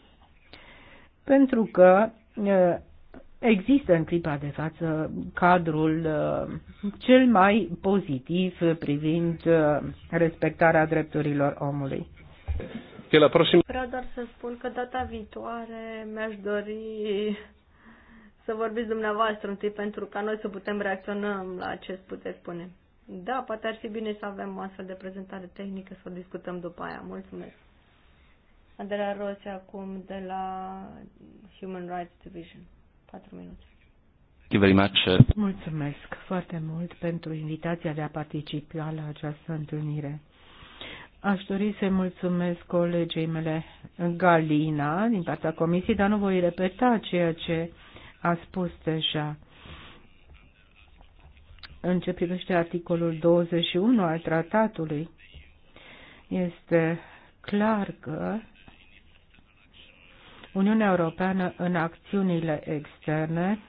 Pentru că există în clipa de față cadrul cel mai pozitiv privind respectarea drepturilor omului. la prosim... Vreau doar să spun că data viitoare mi-aș dori să vorbiți dumneavoastră întâi pentru ca noi să putem reacționa la ce puteți spune. Da, poate ar fi bine să avem o astfel de prezentare tehnică, să o discutăm după aia. Mulțumesc. Andrea Rose acum de la Human Rights Division. 4 minute. Thank you very much. Uh, mulțumesc foarte mult pentru invitația de a participa la această întâlnire. Aș dori să mulțumesc colegei mele Galina din partea comisiei, dar nu voi repeta ceea ce a spus deja în ce privește articolul 21 al tratatului, este clar că Uniunea Europeană în acțiunile externe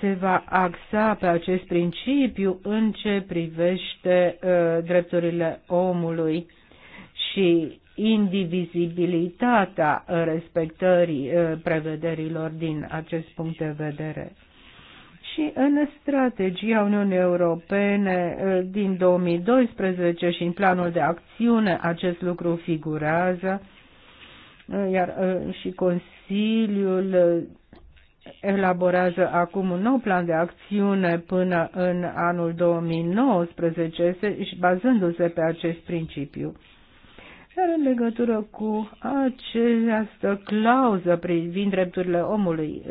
se va axa pe acest principiu în ce privește uh, drepturile omului și indivizibilitatea respectării uh, prevederilor din acest punct de vedere și în strategia Uniunii Europene eh, din 2012 și în planul de acțiune acest lucru figurează, eh, iar eh, și Consiliul elaborează acum un nou plan de acțiune până în anul 2019, bazându-se pe acest principiu. Dar în legătură cu această clauză privind drepturile omului,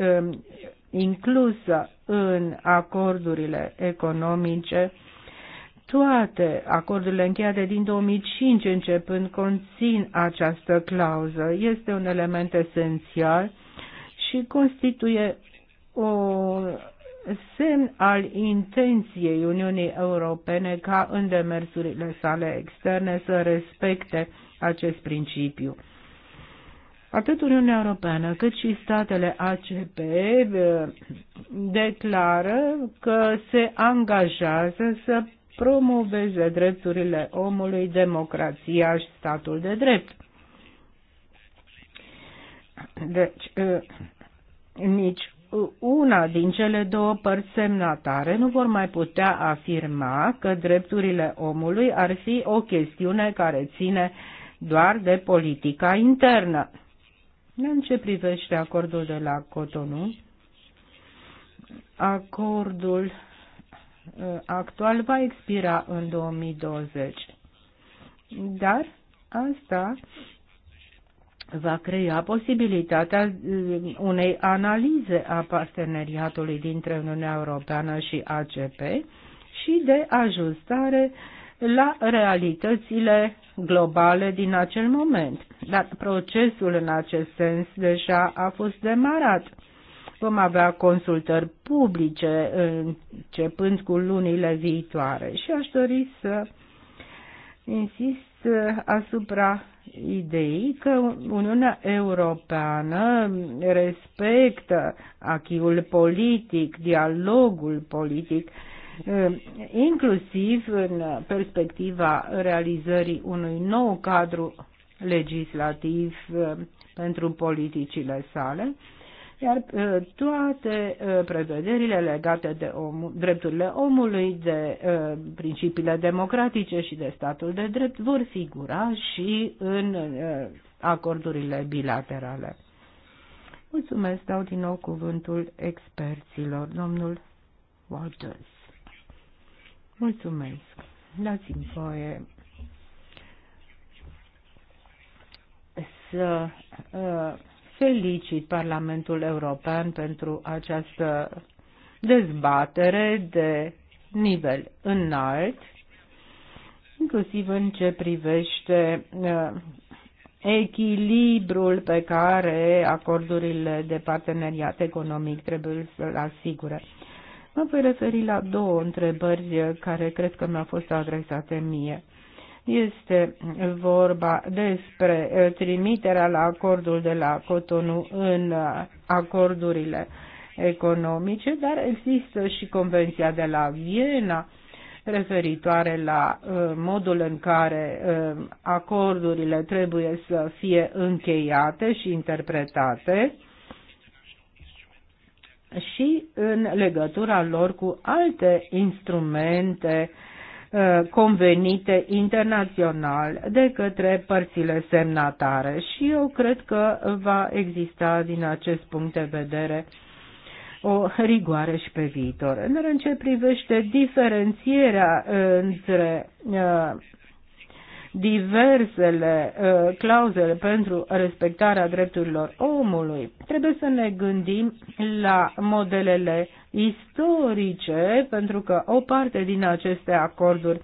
inclusă în acordurile economice. Toate acordurile încheiate din 2005 începând conțin această clauză. Este un element esențial și constituie un semn al intenției Uniunii Europene ca în demersurile sale externe să respecte acest principiu. Atât Uniunea Europeană cât și statele ACP eh, declară că se angajează să promoveze drepturile omului, democrația și statul de drept. Deci, eh, nici una din cele două părți semnatare nu vor mai putea afirma că drepturile omului ar fi o chestiune care ține doar de politica internă. În ce privește acordul de la Cotonou, acordul uh, actual va expira în 2020. Dar asta va crea posibilitatea uh, unei analize a parteneriatului dintre Uniunea Europeană și ACP și de ajustare uh, la realitățile globale din acel moment. Dar procesul în acest sens deja a fost demarat. Vom avea consultări publice începând cu lunile viitoare și aș dori să insist asupra ideii că Uniunea Europeană respectă achiul politic, dialogul politic Ehm, inclusiv în perspectiva realizării unui nou cadru legislativ ehm, pentru politicile sale, iar ehm, toate prevederile legate de om, drepturile omului, de principiile democratice și de statul de drept vor figura și în acordurile bilaterale. Mulțumesc, dau din nou cuvântul experților, domnul Walters. Mulțumesc. Dați-mi voie să uh, felicit Parlamentul European pentru această dezbatere de nivel înalt, inclusiv în ce privește uh, echilibrul pe care acordurile de parteneriat economic trebuie să-l asigure. Mă voi referi la două întrebări care cred că mi-au fost adresate mie. Este vorba despre eh, trimiterea la acordul de la Cotonou în eh, acordurile economice, dar există și Convenția de la Viena referitoare la eh, modul în care acordurile trebuie să fie încheiate și interpretate și în legătura lor cu alte instrumente uh, convenite internațional de către părțile semnatare și eu cred că va exista din acest punct de vedere o rigoare și pe viitor. În ce privește diferențierea între uh, diversele uh, clauzele pentru respectarea drepturilor omului, trebuie să ne gândim la modelele istorice, pentru că o parte din aceste acorduri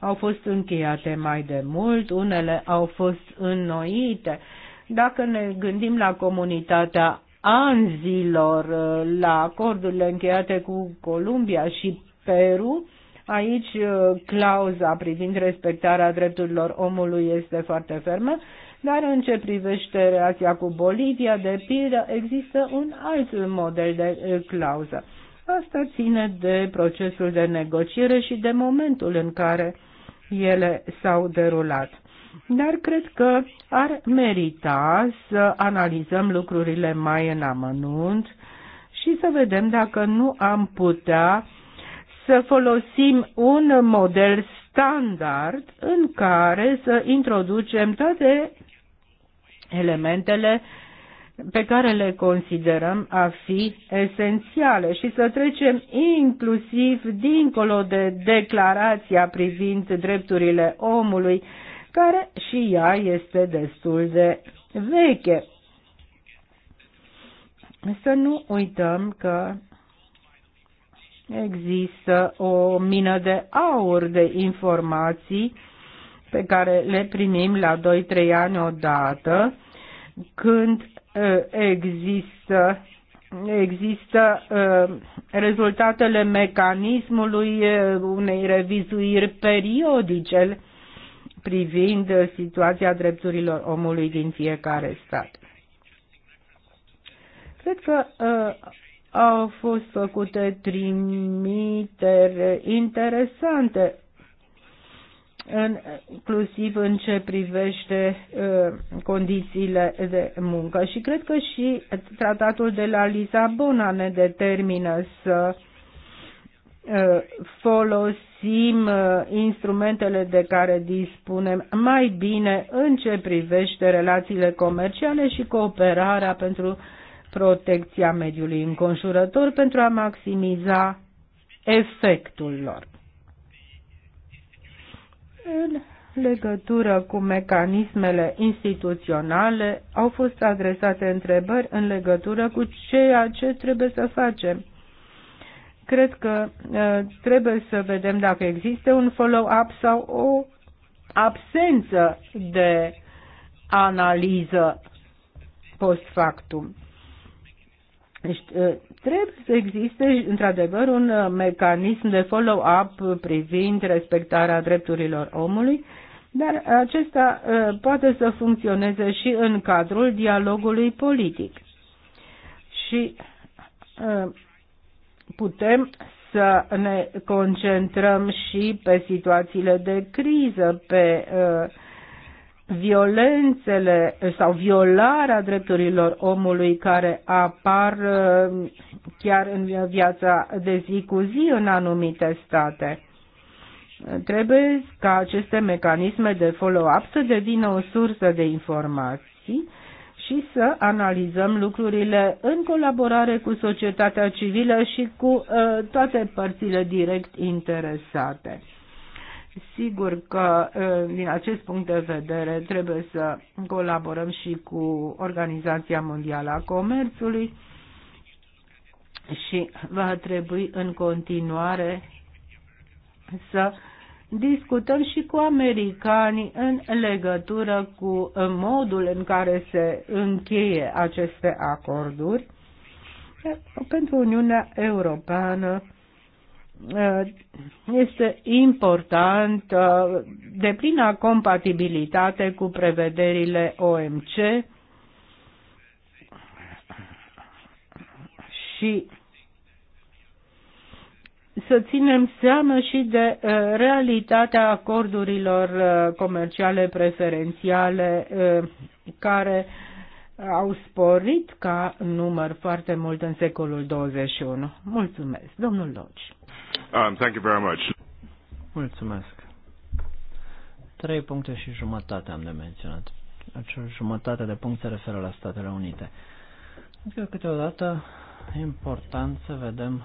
au fost încheiate mai de mult, unele au fost înnoite. Dacă ne gândim la comunitatea anzilor, uh, la acordurile încheiate cu Columbia și Peru, Aici uh, clauza privind respectarea drepturilor omului este foarte fermă, dar în ce privește relația cu Bolivia, de pildă, există un alt model de uh, clauză. Asta ține de procesul de negociere și de momentul în care ele s-au derulat. Dar cred că ar merita să analizăm lucrurile mai în amănunt și să vedem dacă nu am putea să folosim un model standard în care să introducem toate elementele pe care le considerăm a fi esențiale și să trecem inclusiv dincolo de declarația privind drepturile omului, care și ea este destul de veche. Să nu uităm că există o mină de aur de informații pe care le primim la 2-3 ani odată, când uh, există există uh, rezultatele mecanismului uh, unei revizuiri periodice privind situația drepturilor omului din fiecare stat. Cred că au fost făcute trimiteri interesante, inclusiv în ce privește ă, condițiile de muncă. Și cred că și tratatul de la Lisabona ne determină să ă, folosim ă, instrumentele de care dispunem mai bine în ce privește relațiile comerciale și cooperarea pentru uh, protecția mediului înconjurător pentru a maximiza efectul lor. În legătură cu mecanismele instituționale au fost adresate întrebări în legătură cu ceea ce trebuie să facem. Cred că uh, trebuie să vedem dacă există un follow-up sau o absență de analiză post factum. Deci ă, trebuie să existe într-adevăr un ă, mecanism de follow-up privind respectarea drepturilor omului, dar acesta ă, poate să funcționeze și în cadrul dialogului politic. Și putem să ne concentrăm și pe situațiile de criză, pe uh, violențele sau violarea drepturilor omului care apar uh, chiar în viața de zi cu zi în anumite state. Trebuie ca aceste mecanisme de follow-up să devină o sursă de informații și să analizăm lucrurile în colaborare cu societatea civilă și cu uh, toate părțile direct interesate. Sigur că, din acest punct de vedere, trebuie să colaborăm și cu Organizația Mondială a Comerțului și va trebui în continuare să discutăm și cu americanii în legătură cu modul în care se încheie aceste acorduri pentru Uniunea Europeană Uh, este important uh, deplina compatibilitate cu prevederile OMC și să ținem seama și de uh, realitatea acordurilor comerciale preferențiale care au sporit ca număr foarte mult în secolul 21. Mulțumesc, domnul Loci. Um, thank you very much. Mulțumesc. Trei puncte și jumătate am de menționat. Acea deci, jumătate de puncte se referă la Statele Unite. Cred că câteodată e important să vedem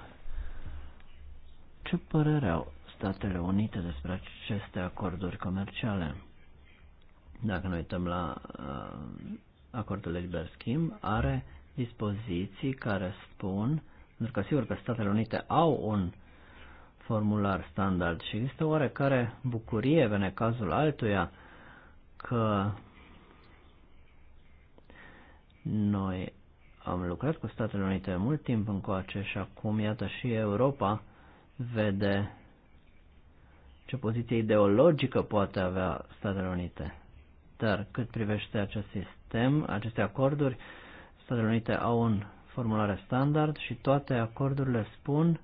ce părere au Statele Unite despre aceste acorduri comerciale. Dacă ne uităm la uh, acordul de liber schimb, are dispoziții care spun, pentru că sigur că Statele Unite au un formular standard și există oarecare bucurie în cazul altuia că noi am lucrat cu Statele Unite mult timp încoace și acum, iată, și Europa vede ce poziție ideologică poate avea Statele Unite. Dar cât privește acest sistem, aceste acorduri, Statele Unite au un formulare standard și toate acordurile spun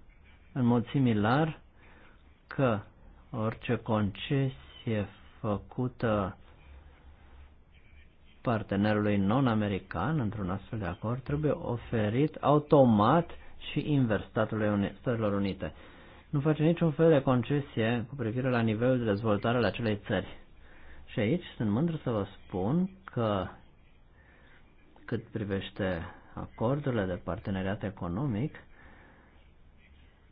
în mod similar că orice concesie făcută partenerului non-american într-un astfel de acord trebuie oferit automat și invers Statului Statelor Unite. Nu face niciun fel de concesie cu privire la nivelul de dezvoltare al acelei țări. Și aici sunt mândru să vă spun că cât privește acordurile de parteneriat economic,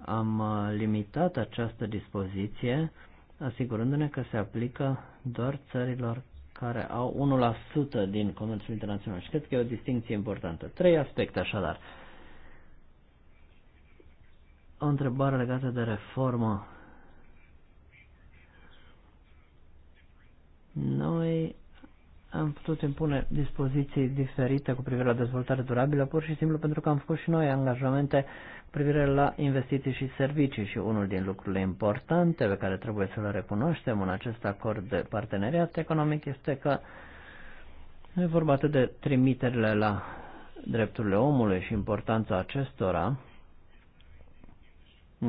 am uh, limitat această dispoziție asigurându-ne că se aplică doar țărilor care au 1% din comerțul internațional. Și cred că e o distinție importantă. Trei aspecte așadar. O întrebare legată de reformă. Noi am putut impune dispoziții diferite cu privire la dezvoltare durabilă, pur și simplu pentru că am făcut și noi angajamente cu privire la investiții și servicii și unul din lucrurile importante pe care trebuie să le recunoaștem în acest acord de parteneriat economic este că nu e vorba atât de trimiterile la drepturile omului și importanța acestora.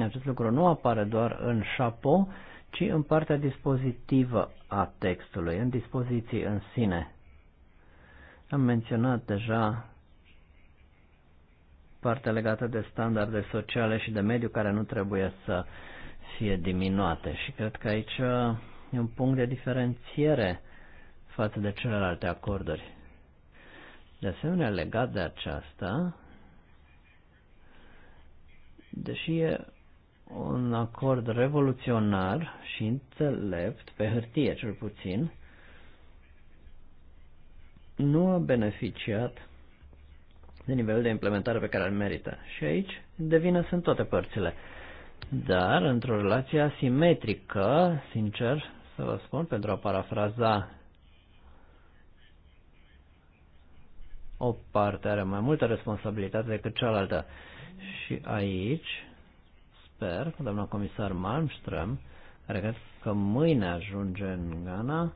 Acest lucru nu apare doar în șapo, ci în partea dispozitivă a textului, în dispoziții în sine. Am menționat deja partea legată de standarde sociale și de mediu care nu trebuie să fie diminuate și cred că aici e un punct de diferențiere față de celelalte acorduri. De asemenea, legat de aceasta, deși e un acord revoluționar și înțelept, pe hârtie cel puțin, nu a beneficiat de nivelul de implementare pe care îl merită. Și aici, devină sunt toate părțile. Dar, într-o relație asimetrică, sincer să vă spun, pentru a parafraza, o parte are mai multă responsabilitate decât cealaltă. Și aici, sper că doamna comisar Malmström, care cred că mâine ajunge în Ghana,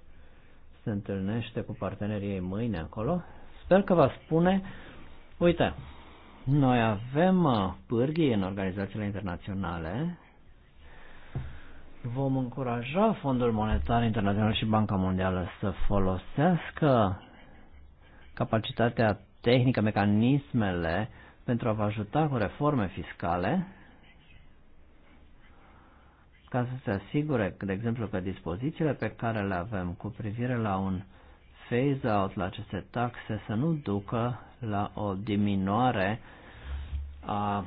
se întâlnește cu partenerii ei mâine acolo, sper că va spune, uite, noi avem uh, pârghii în organizațiile internaționale, vom încuraja Fondul Monetar Internațional și Banca Mondială să folosească capacitatea tehnică, mecanismele pentru a vă ajuta cu reforme fiscale ca să se asigure, de exemplu, că dispozițiile pe care le avem cu privire la un phase-out la aceste taxe să nu ducă la o diminuare a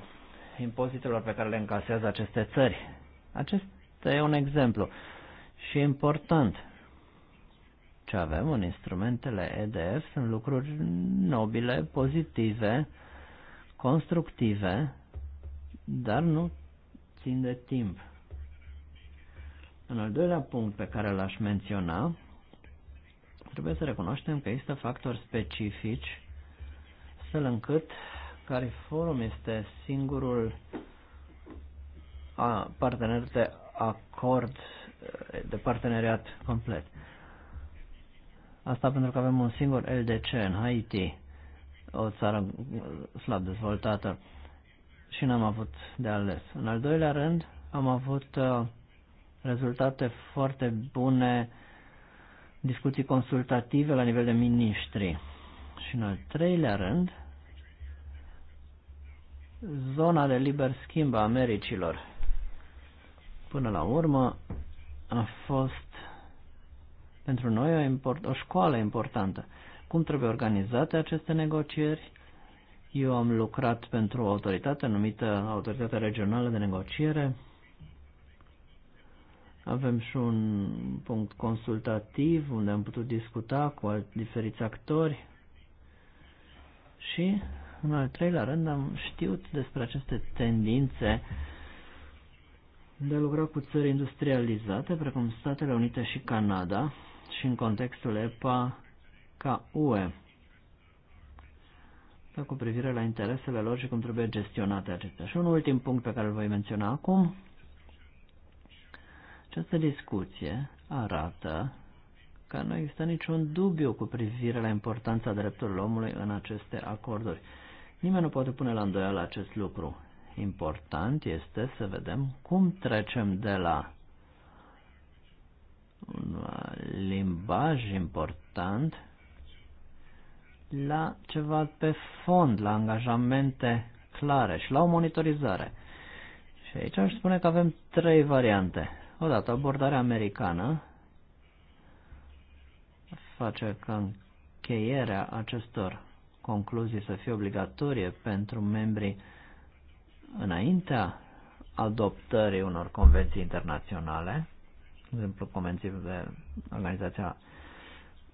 impozitelor pe care le încasează aceste țări. Acesta e un exemplu și important. Ce avem în instrumentele EDF sunt lucruri nobile, pozitive, constructive, dar nu țin de timp. În al doilea punct pe care l-aș menționa, trebuie să recunoaștem că există factori specifici, astfel încât Cariforum este singurul a, partener de acord, eh, de parteneriat complet. Asta pentru că avem un singur LDC în Haiti, o țară eh, slab dezvoltată, și n-am avut de ales. În al doilea rând, am avut uh, rezultate foarte bune, discuții consultative la nivel de miniștri. Și în al treilea rând, zona de liber schimb a Americilor. Până la urmă, a fost pentru noi o, import, o școală importantă. Cum trebuie organizate aceste negocieri? Eu am lucrat pentru o autoritate numită Autoritatea Regională de Negociere, avem și un punct consultativ unde am putut discuta cu alt, diferiți actori și, în al treilea rând, am știut despre aceste tendințe de a lucra cu țări industrializate, precum Statele Unite și Canada, și în contextul EPA ca UE, cu privire la interesele lor și cum trebuie gestionate acestea. Și un ultim punct pe care îl voi menționa acum, această discuție arată că nu există niciun dubiu cu privire la importanța drepturilor omului în aceste acorduri. Nimeni nu poate pune la îndoială acest lucru. Important este să vedem cum trecem de la un limbaj important la ceva pe fond, la angajamente clare și la o monitorizare. Și aici aș spune că avem trei variante. Odată, abordarea americană face ca încheierea acestor concluzii să fie obligatorie pentru membrii înaintea adoptării unor convenții internaționale, de exemplu convenții de Organizația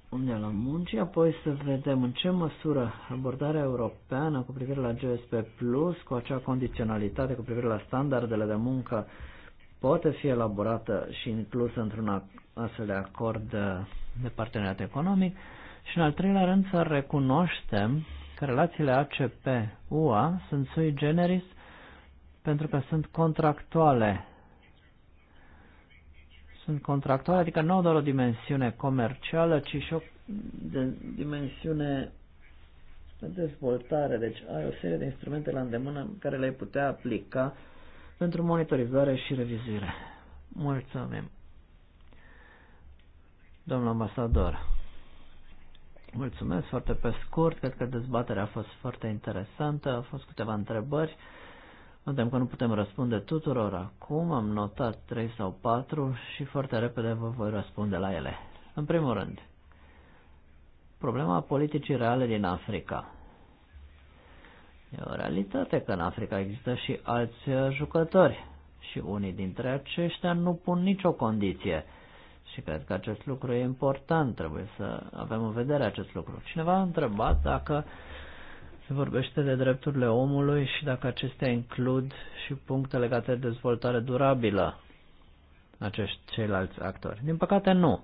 Mondială a Muncii, apoi să vedem în ce măsură abordarea europeană cu privire la GSP Plus, cu acea condiționalitate cu privire la standardele de muncă poate fi elaborată și inclusă într-un astfel de acord uh, de parteneriat economic și în al treilea rând să recunoaștem că relațiile ACP-UA sunt sui generis pentru că sunt contractuale. Sunt contractuale, adică nu au doar o dimensiune comercială, ci și o de dimensiune de dezvoltare. Deci ai o serie de instrumente la îndemână care le-ai putea aplica pentru monitorizare și revizuire. Mulțumim! Domnul ambasador, mulțumesc foarte pe scurt, cred că dezbaterea a fost foarte interesantă, au fost câteva întrebări. Notem că nu putem răspunde tuturor acum, am notat 3 sau 4 și foarte repede vă voi răspunde la ele. În primul rând, problema politicii reale din Africa. E o realitate că în Africa există și alți uh, jucători și unii dintre aceștia nu pun nicio condiție. Și cred că acest lucru e important, trebuie să avem în vedere acest lucru. Cineva a întrebat dacă se vorbește de drepturile omului și dacă acestea includ și puncte legate de dezvoltare durabilă acești ceilalți actori. Din păcate nu.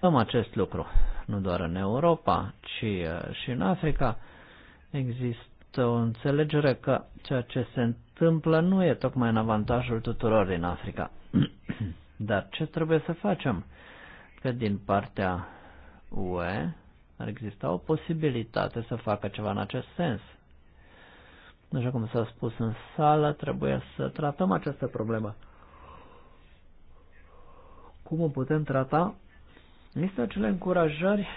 Am acest lucru, nu doar în Europa, ci uh, și în Africa există o înțelegere că ceea ce se întâmplă nu e tocmai în avantajul tuturor din Africa. Dar ce trebuie să facem? Că din partea UE ar exista o posibilitate să facă ceva în acest sens. Așa cum s-a spus în sală, trebuie să tratăm această problemă. Cum o putem trata? Există acele încurajări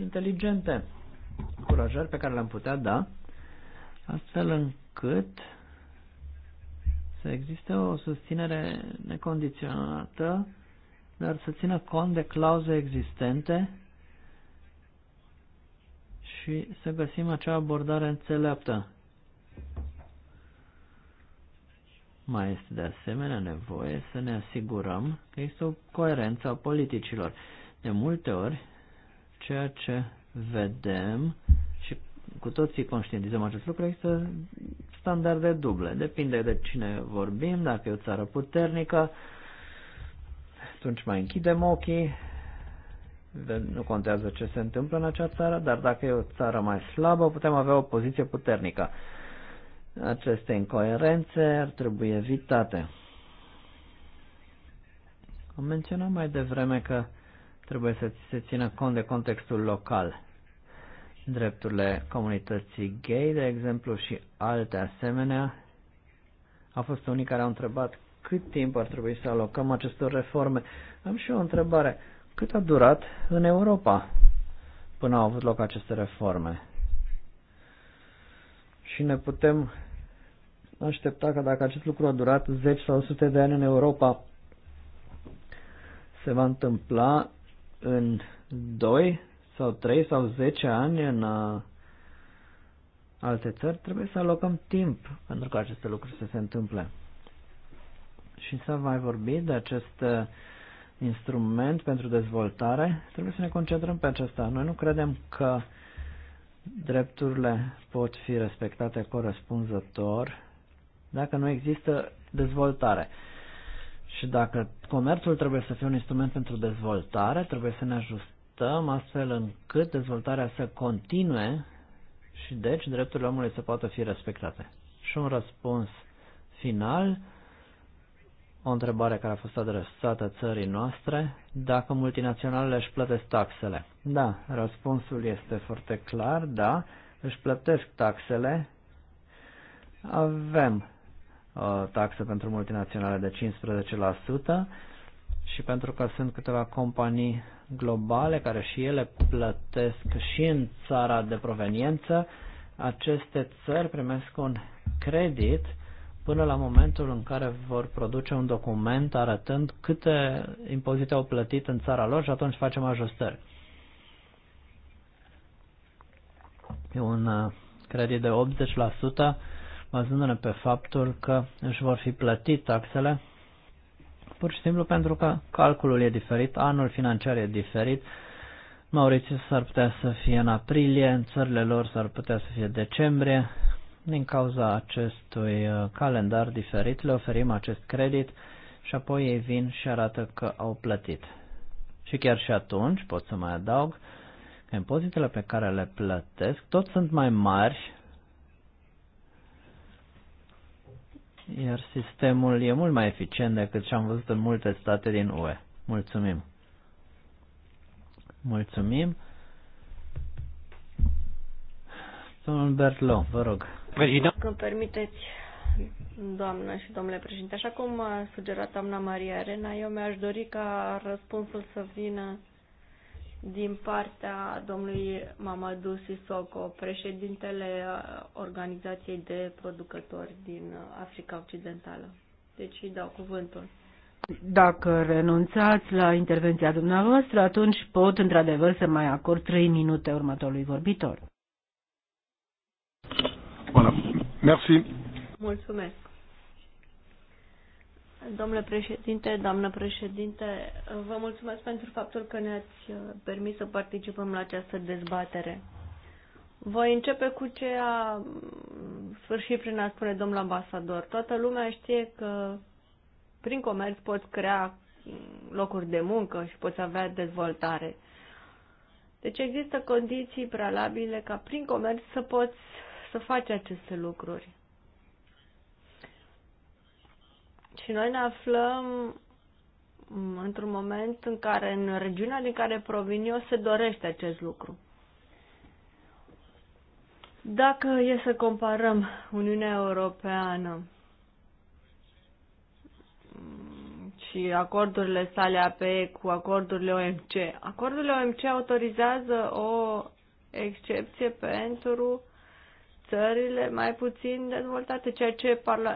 inteligente, încurajări pe care le-am putea da astfel încât să existe o susținere necondiționată, dar să țină cont de clauze existente și să găsim acea abordare înțeleaptă. Mai este de asemenea nevoie să ne asigurăm că există o coerență a politicilor. De multe ori, ceea ce vedem cu toții conștientizăm acest lucru, există standarde duble. Depinde de cine vorbim, dacă e o țară puternică, atunci mai închidem ochii, nu contează ce se întâmplă în acea țară, dar dacă e o țară mai slabă, putem avea o poziție puternică. Aceste incoerențe ar trebui evitate. Am menționat mai devreme că trebuie să se țină cont de contextul local drepturile comunității gay, de exemplu, și alte asemenea. A fost unii care au întrebat cât timp ar trebui să alocăm acestor reforme. Am și o întrebare. Cât a durat în Europa până au avut loc aceste reforme? Și ne putem aștepta că dacă acest lucru a durat 10 sau 100 de ani în Europa, se va întâmpla în 2 sau 3 sau 10 ani în uh, alte țări, trebuie să alocăm timp pentru că aceste lucruri să se întâmple. Și să mai vorbi de acest uh, instrument pentru dezvoltare, trebuie să ne concentrăm pe acesta. Noi nu credem că drepturile pot fi respectate corespunzător dacă nu există dezvoltare. Și dacă comerțul trebuie să fie un instrument pentru dezvoltare, trebuie să ne ajustăm ajutăm astfel încât dezvoltarea să continue și deci drepturile omului să poată fi respectate. Și un răspuns final, o întrebare care a fost adresată țării noastre, dacă multinaționalele își plătesc taxele. Da, răspunsul este foarte clar, da, își plătesc taxele. Avem o uh, taxă pentru multinaționale de 15%, și pentru că sunt câteva companii globale care și ele plătesc și în țara de proveniență, aceste țări primesc un credit până la momentul în care vor produce un document arătând câte impozite au plătit în țara lor și atunci facem ajustări. E un uh, credit de 80% bazându-ne pe faptul că își vor fi plătit taxele pur și simplu pentru că calculul e diferit, anul financiar e diferit, Mauritius s-ar putea să fie în aprilie, în țările lor s-ar putea să fie decembrie. Din cauza acestui uh, calendar diferit le oferim acest credit și apoi ei vin și arată că au plătit. Și chiar și atunci, pot să mai adaug, că impozitele pe care le plătesc tot sunt mai mari iar sistemul e mult mai eficient decât ce am văzut în multe state din UE. Mulțumim! Mulțumim! Domnul Bertlo, vă rog. Dacă îmi permiteți, doamnă și domnule președinte, așa cum a sugerat doamna Maria Arena, eu mi-aș dori ca răspunsul să vină din partea domnului Mamadou Sisoko, președintele uh, Organizației de Producători din uh, Africa Occidentală. Deci îi dau cuvântul. Dacă renunțați la intervenția dumneavoastră, atunci pot într-adevăr să mai acord trei minute următorului vorbitor. Bună. Merci. Mulțumesc. Domnule președinte, doamnă președinte, vă mulțumesc pentru faptul că ne-ați uh, permis să participăm la această dezbatere. Voi începe cu ce a mm, sfârșit prin a spune domnul ambasador. Toată lumea știe că prin comerț poți crea mm, locuri de muncă și poți avea dezvoltare. Deci există condiții prealabile ca prin comerț să poți să faci aceste lucruri. Și noi ne aflăm într-un moment în care în regiunea din care provin eu se dorește acest lucru. Dacă e să comparăm Uniunea Europeană și acordurile sale APE cu acordurile OMC, acordurile OMC autorizează o excepție pentru țările mai puțin dezvoltate, ceea ce parla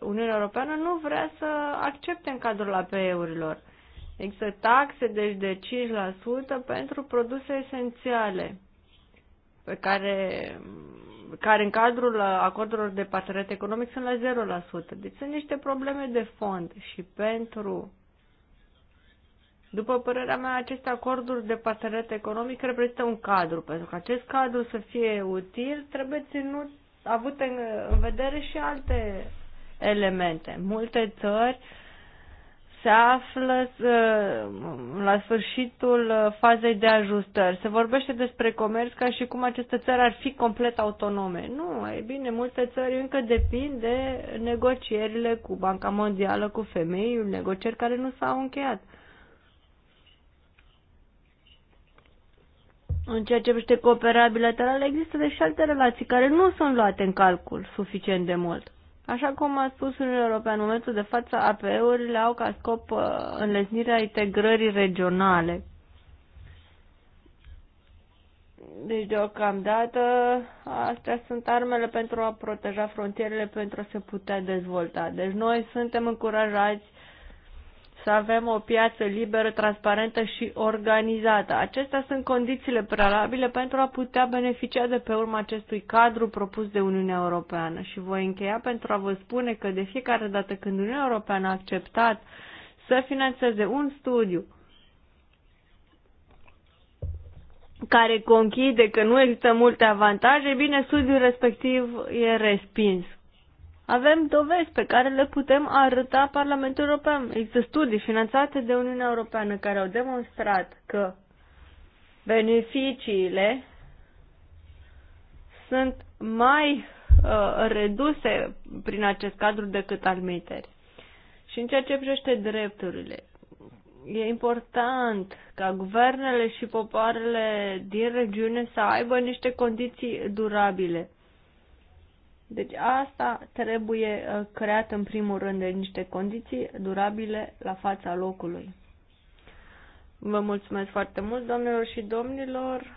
Uniunea Europeană nu vrea să accepte în cadrul APE-urilor. Există taxe deci de 5% pentru produse esențiale pe care, care în cadrul acordurilor de parteneriat economic sunt la 0%. Deci sunt niște probleme de fond și pentru după părerea mea, aceste acorduri de parteneriat economic reprezintă un cadru. Pentru că acest cadru să fie util, trebuie ținut, avut în, în vedere și alte elemente. Multe țări se află uh, la sfârșitul uh, fazei de ajustări. Se vorbește despre comerț ca și cum aceste țări ar fi complet autonome. Nu, e bine, multe țări încă depind de negocierile cu Banca Mondială, cu femei, negocieri care nu s-au încheiat. În ceea ce privește cooperarea bilaterală, există deși alte relații care nu sunt luate în calcul suficient de mult. Așa cum a spus Uniunea Europeană, în momentul de față, APE-urile au ca scop uh, înlesnirea integrării regionale. Deci, deocamdată, astea sunt armele pentru a proteja frontierele, pentru a se putea dezvolta. Deci, noi suntem încurajați să avem o piață liberă, transparentă și organizată. Acestea sunt condițiile prealabile pentru a putea beneficia de pe urma acestui cadru propus de Uniunea Europeană. Și voi încheia pentru a vă spune că de fiecare dată când Uniunea Europeană a acceptat să financeze un studiu care conchide că nu există multe avantaje, bine, studiul respectiv e respins avem dovezi pe care le putem arăta Parlamentul European. Există studii finanțate de Uniunea Europeană care au demonstrat că beneficiile sunt mai uh, reduse prin acest cadru decât admiteri. Și în ceea ce privește drepturile, e important ca guvernele și popoarele din regiune să aibă niște condiții durabile. Deci asta trebuie uh, creat în primul rând de niște condiții durabile la fața locului. Vă mulțumesc foarte mult, domnilor și domnilor.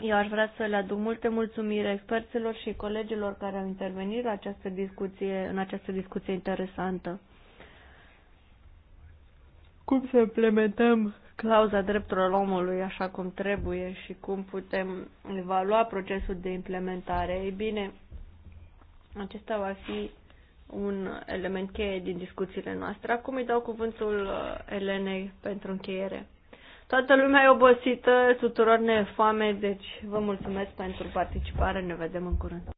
Eu aș vrea să le aduc multe mulțumiri experților și colegilor care au intervenit la această discuție, în această discuție interesantă cum să implementăm clauza drepturilor omului așa cum trebuie și cum putem evalua procesul de implementare. Ei bine, acesta va fi un element cheie din discuțiile noastre. Acum îi dau cuvântul uh, Elenei pentru încheiere. Toată lumea e obosită, tuturor ne e foame, deci vă mulțumesc pentru participare, ne vedem în curând.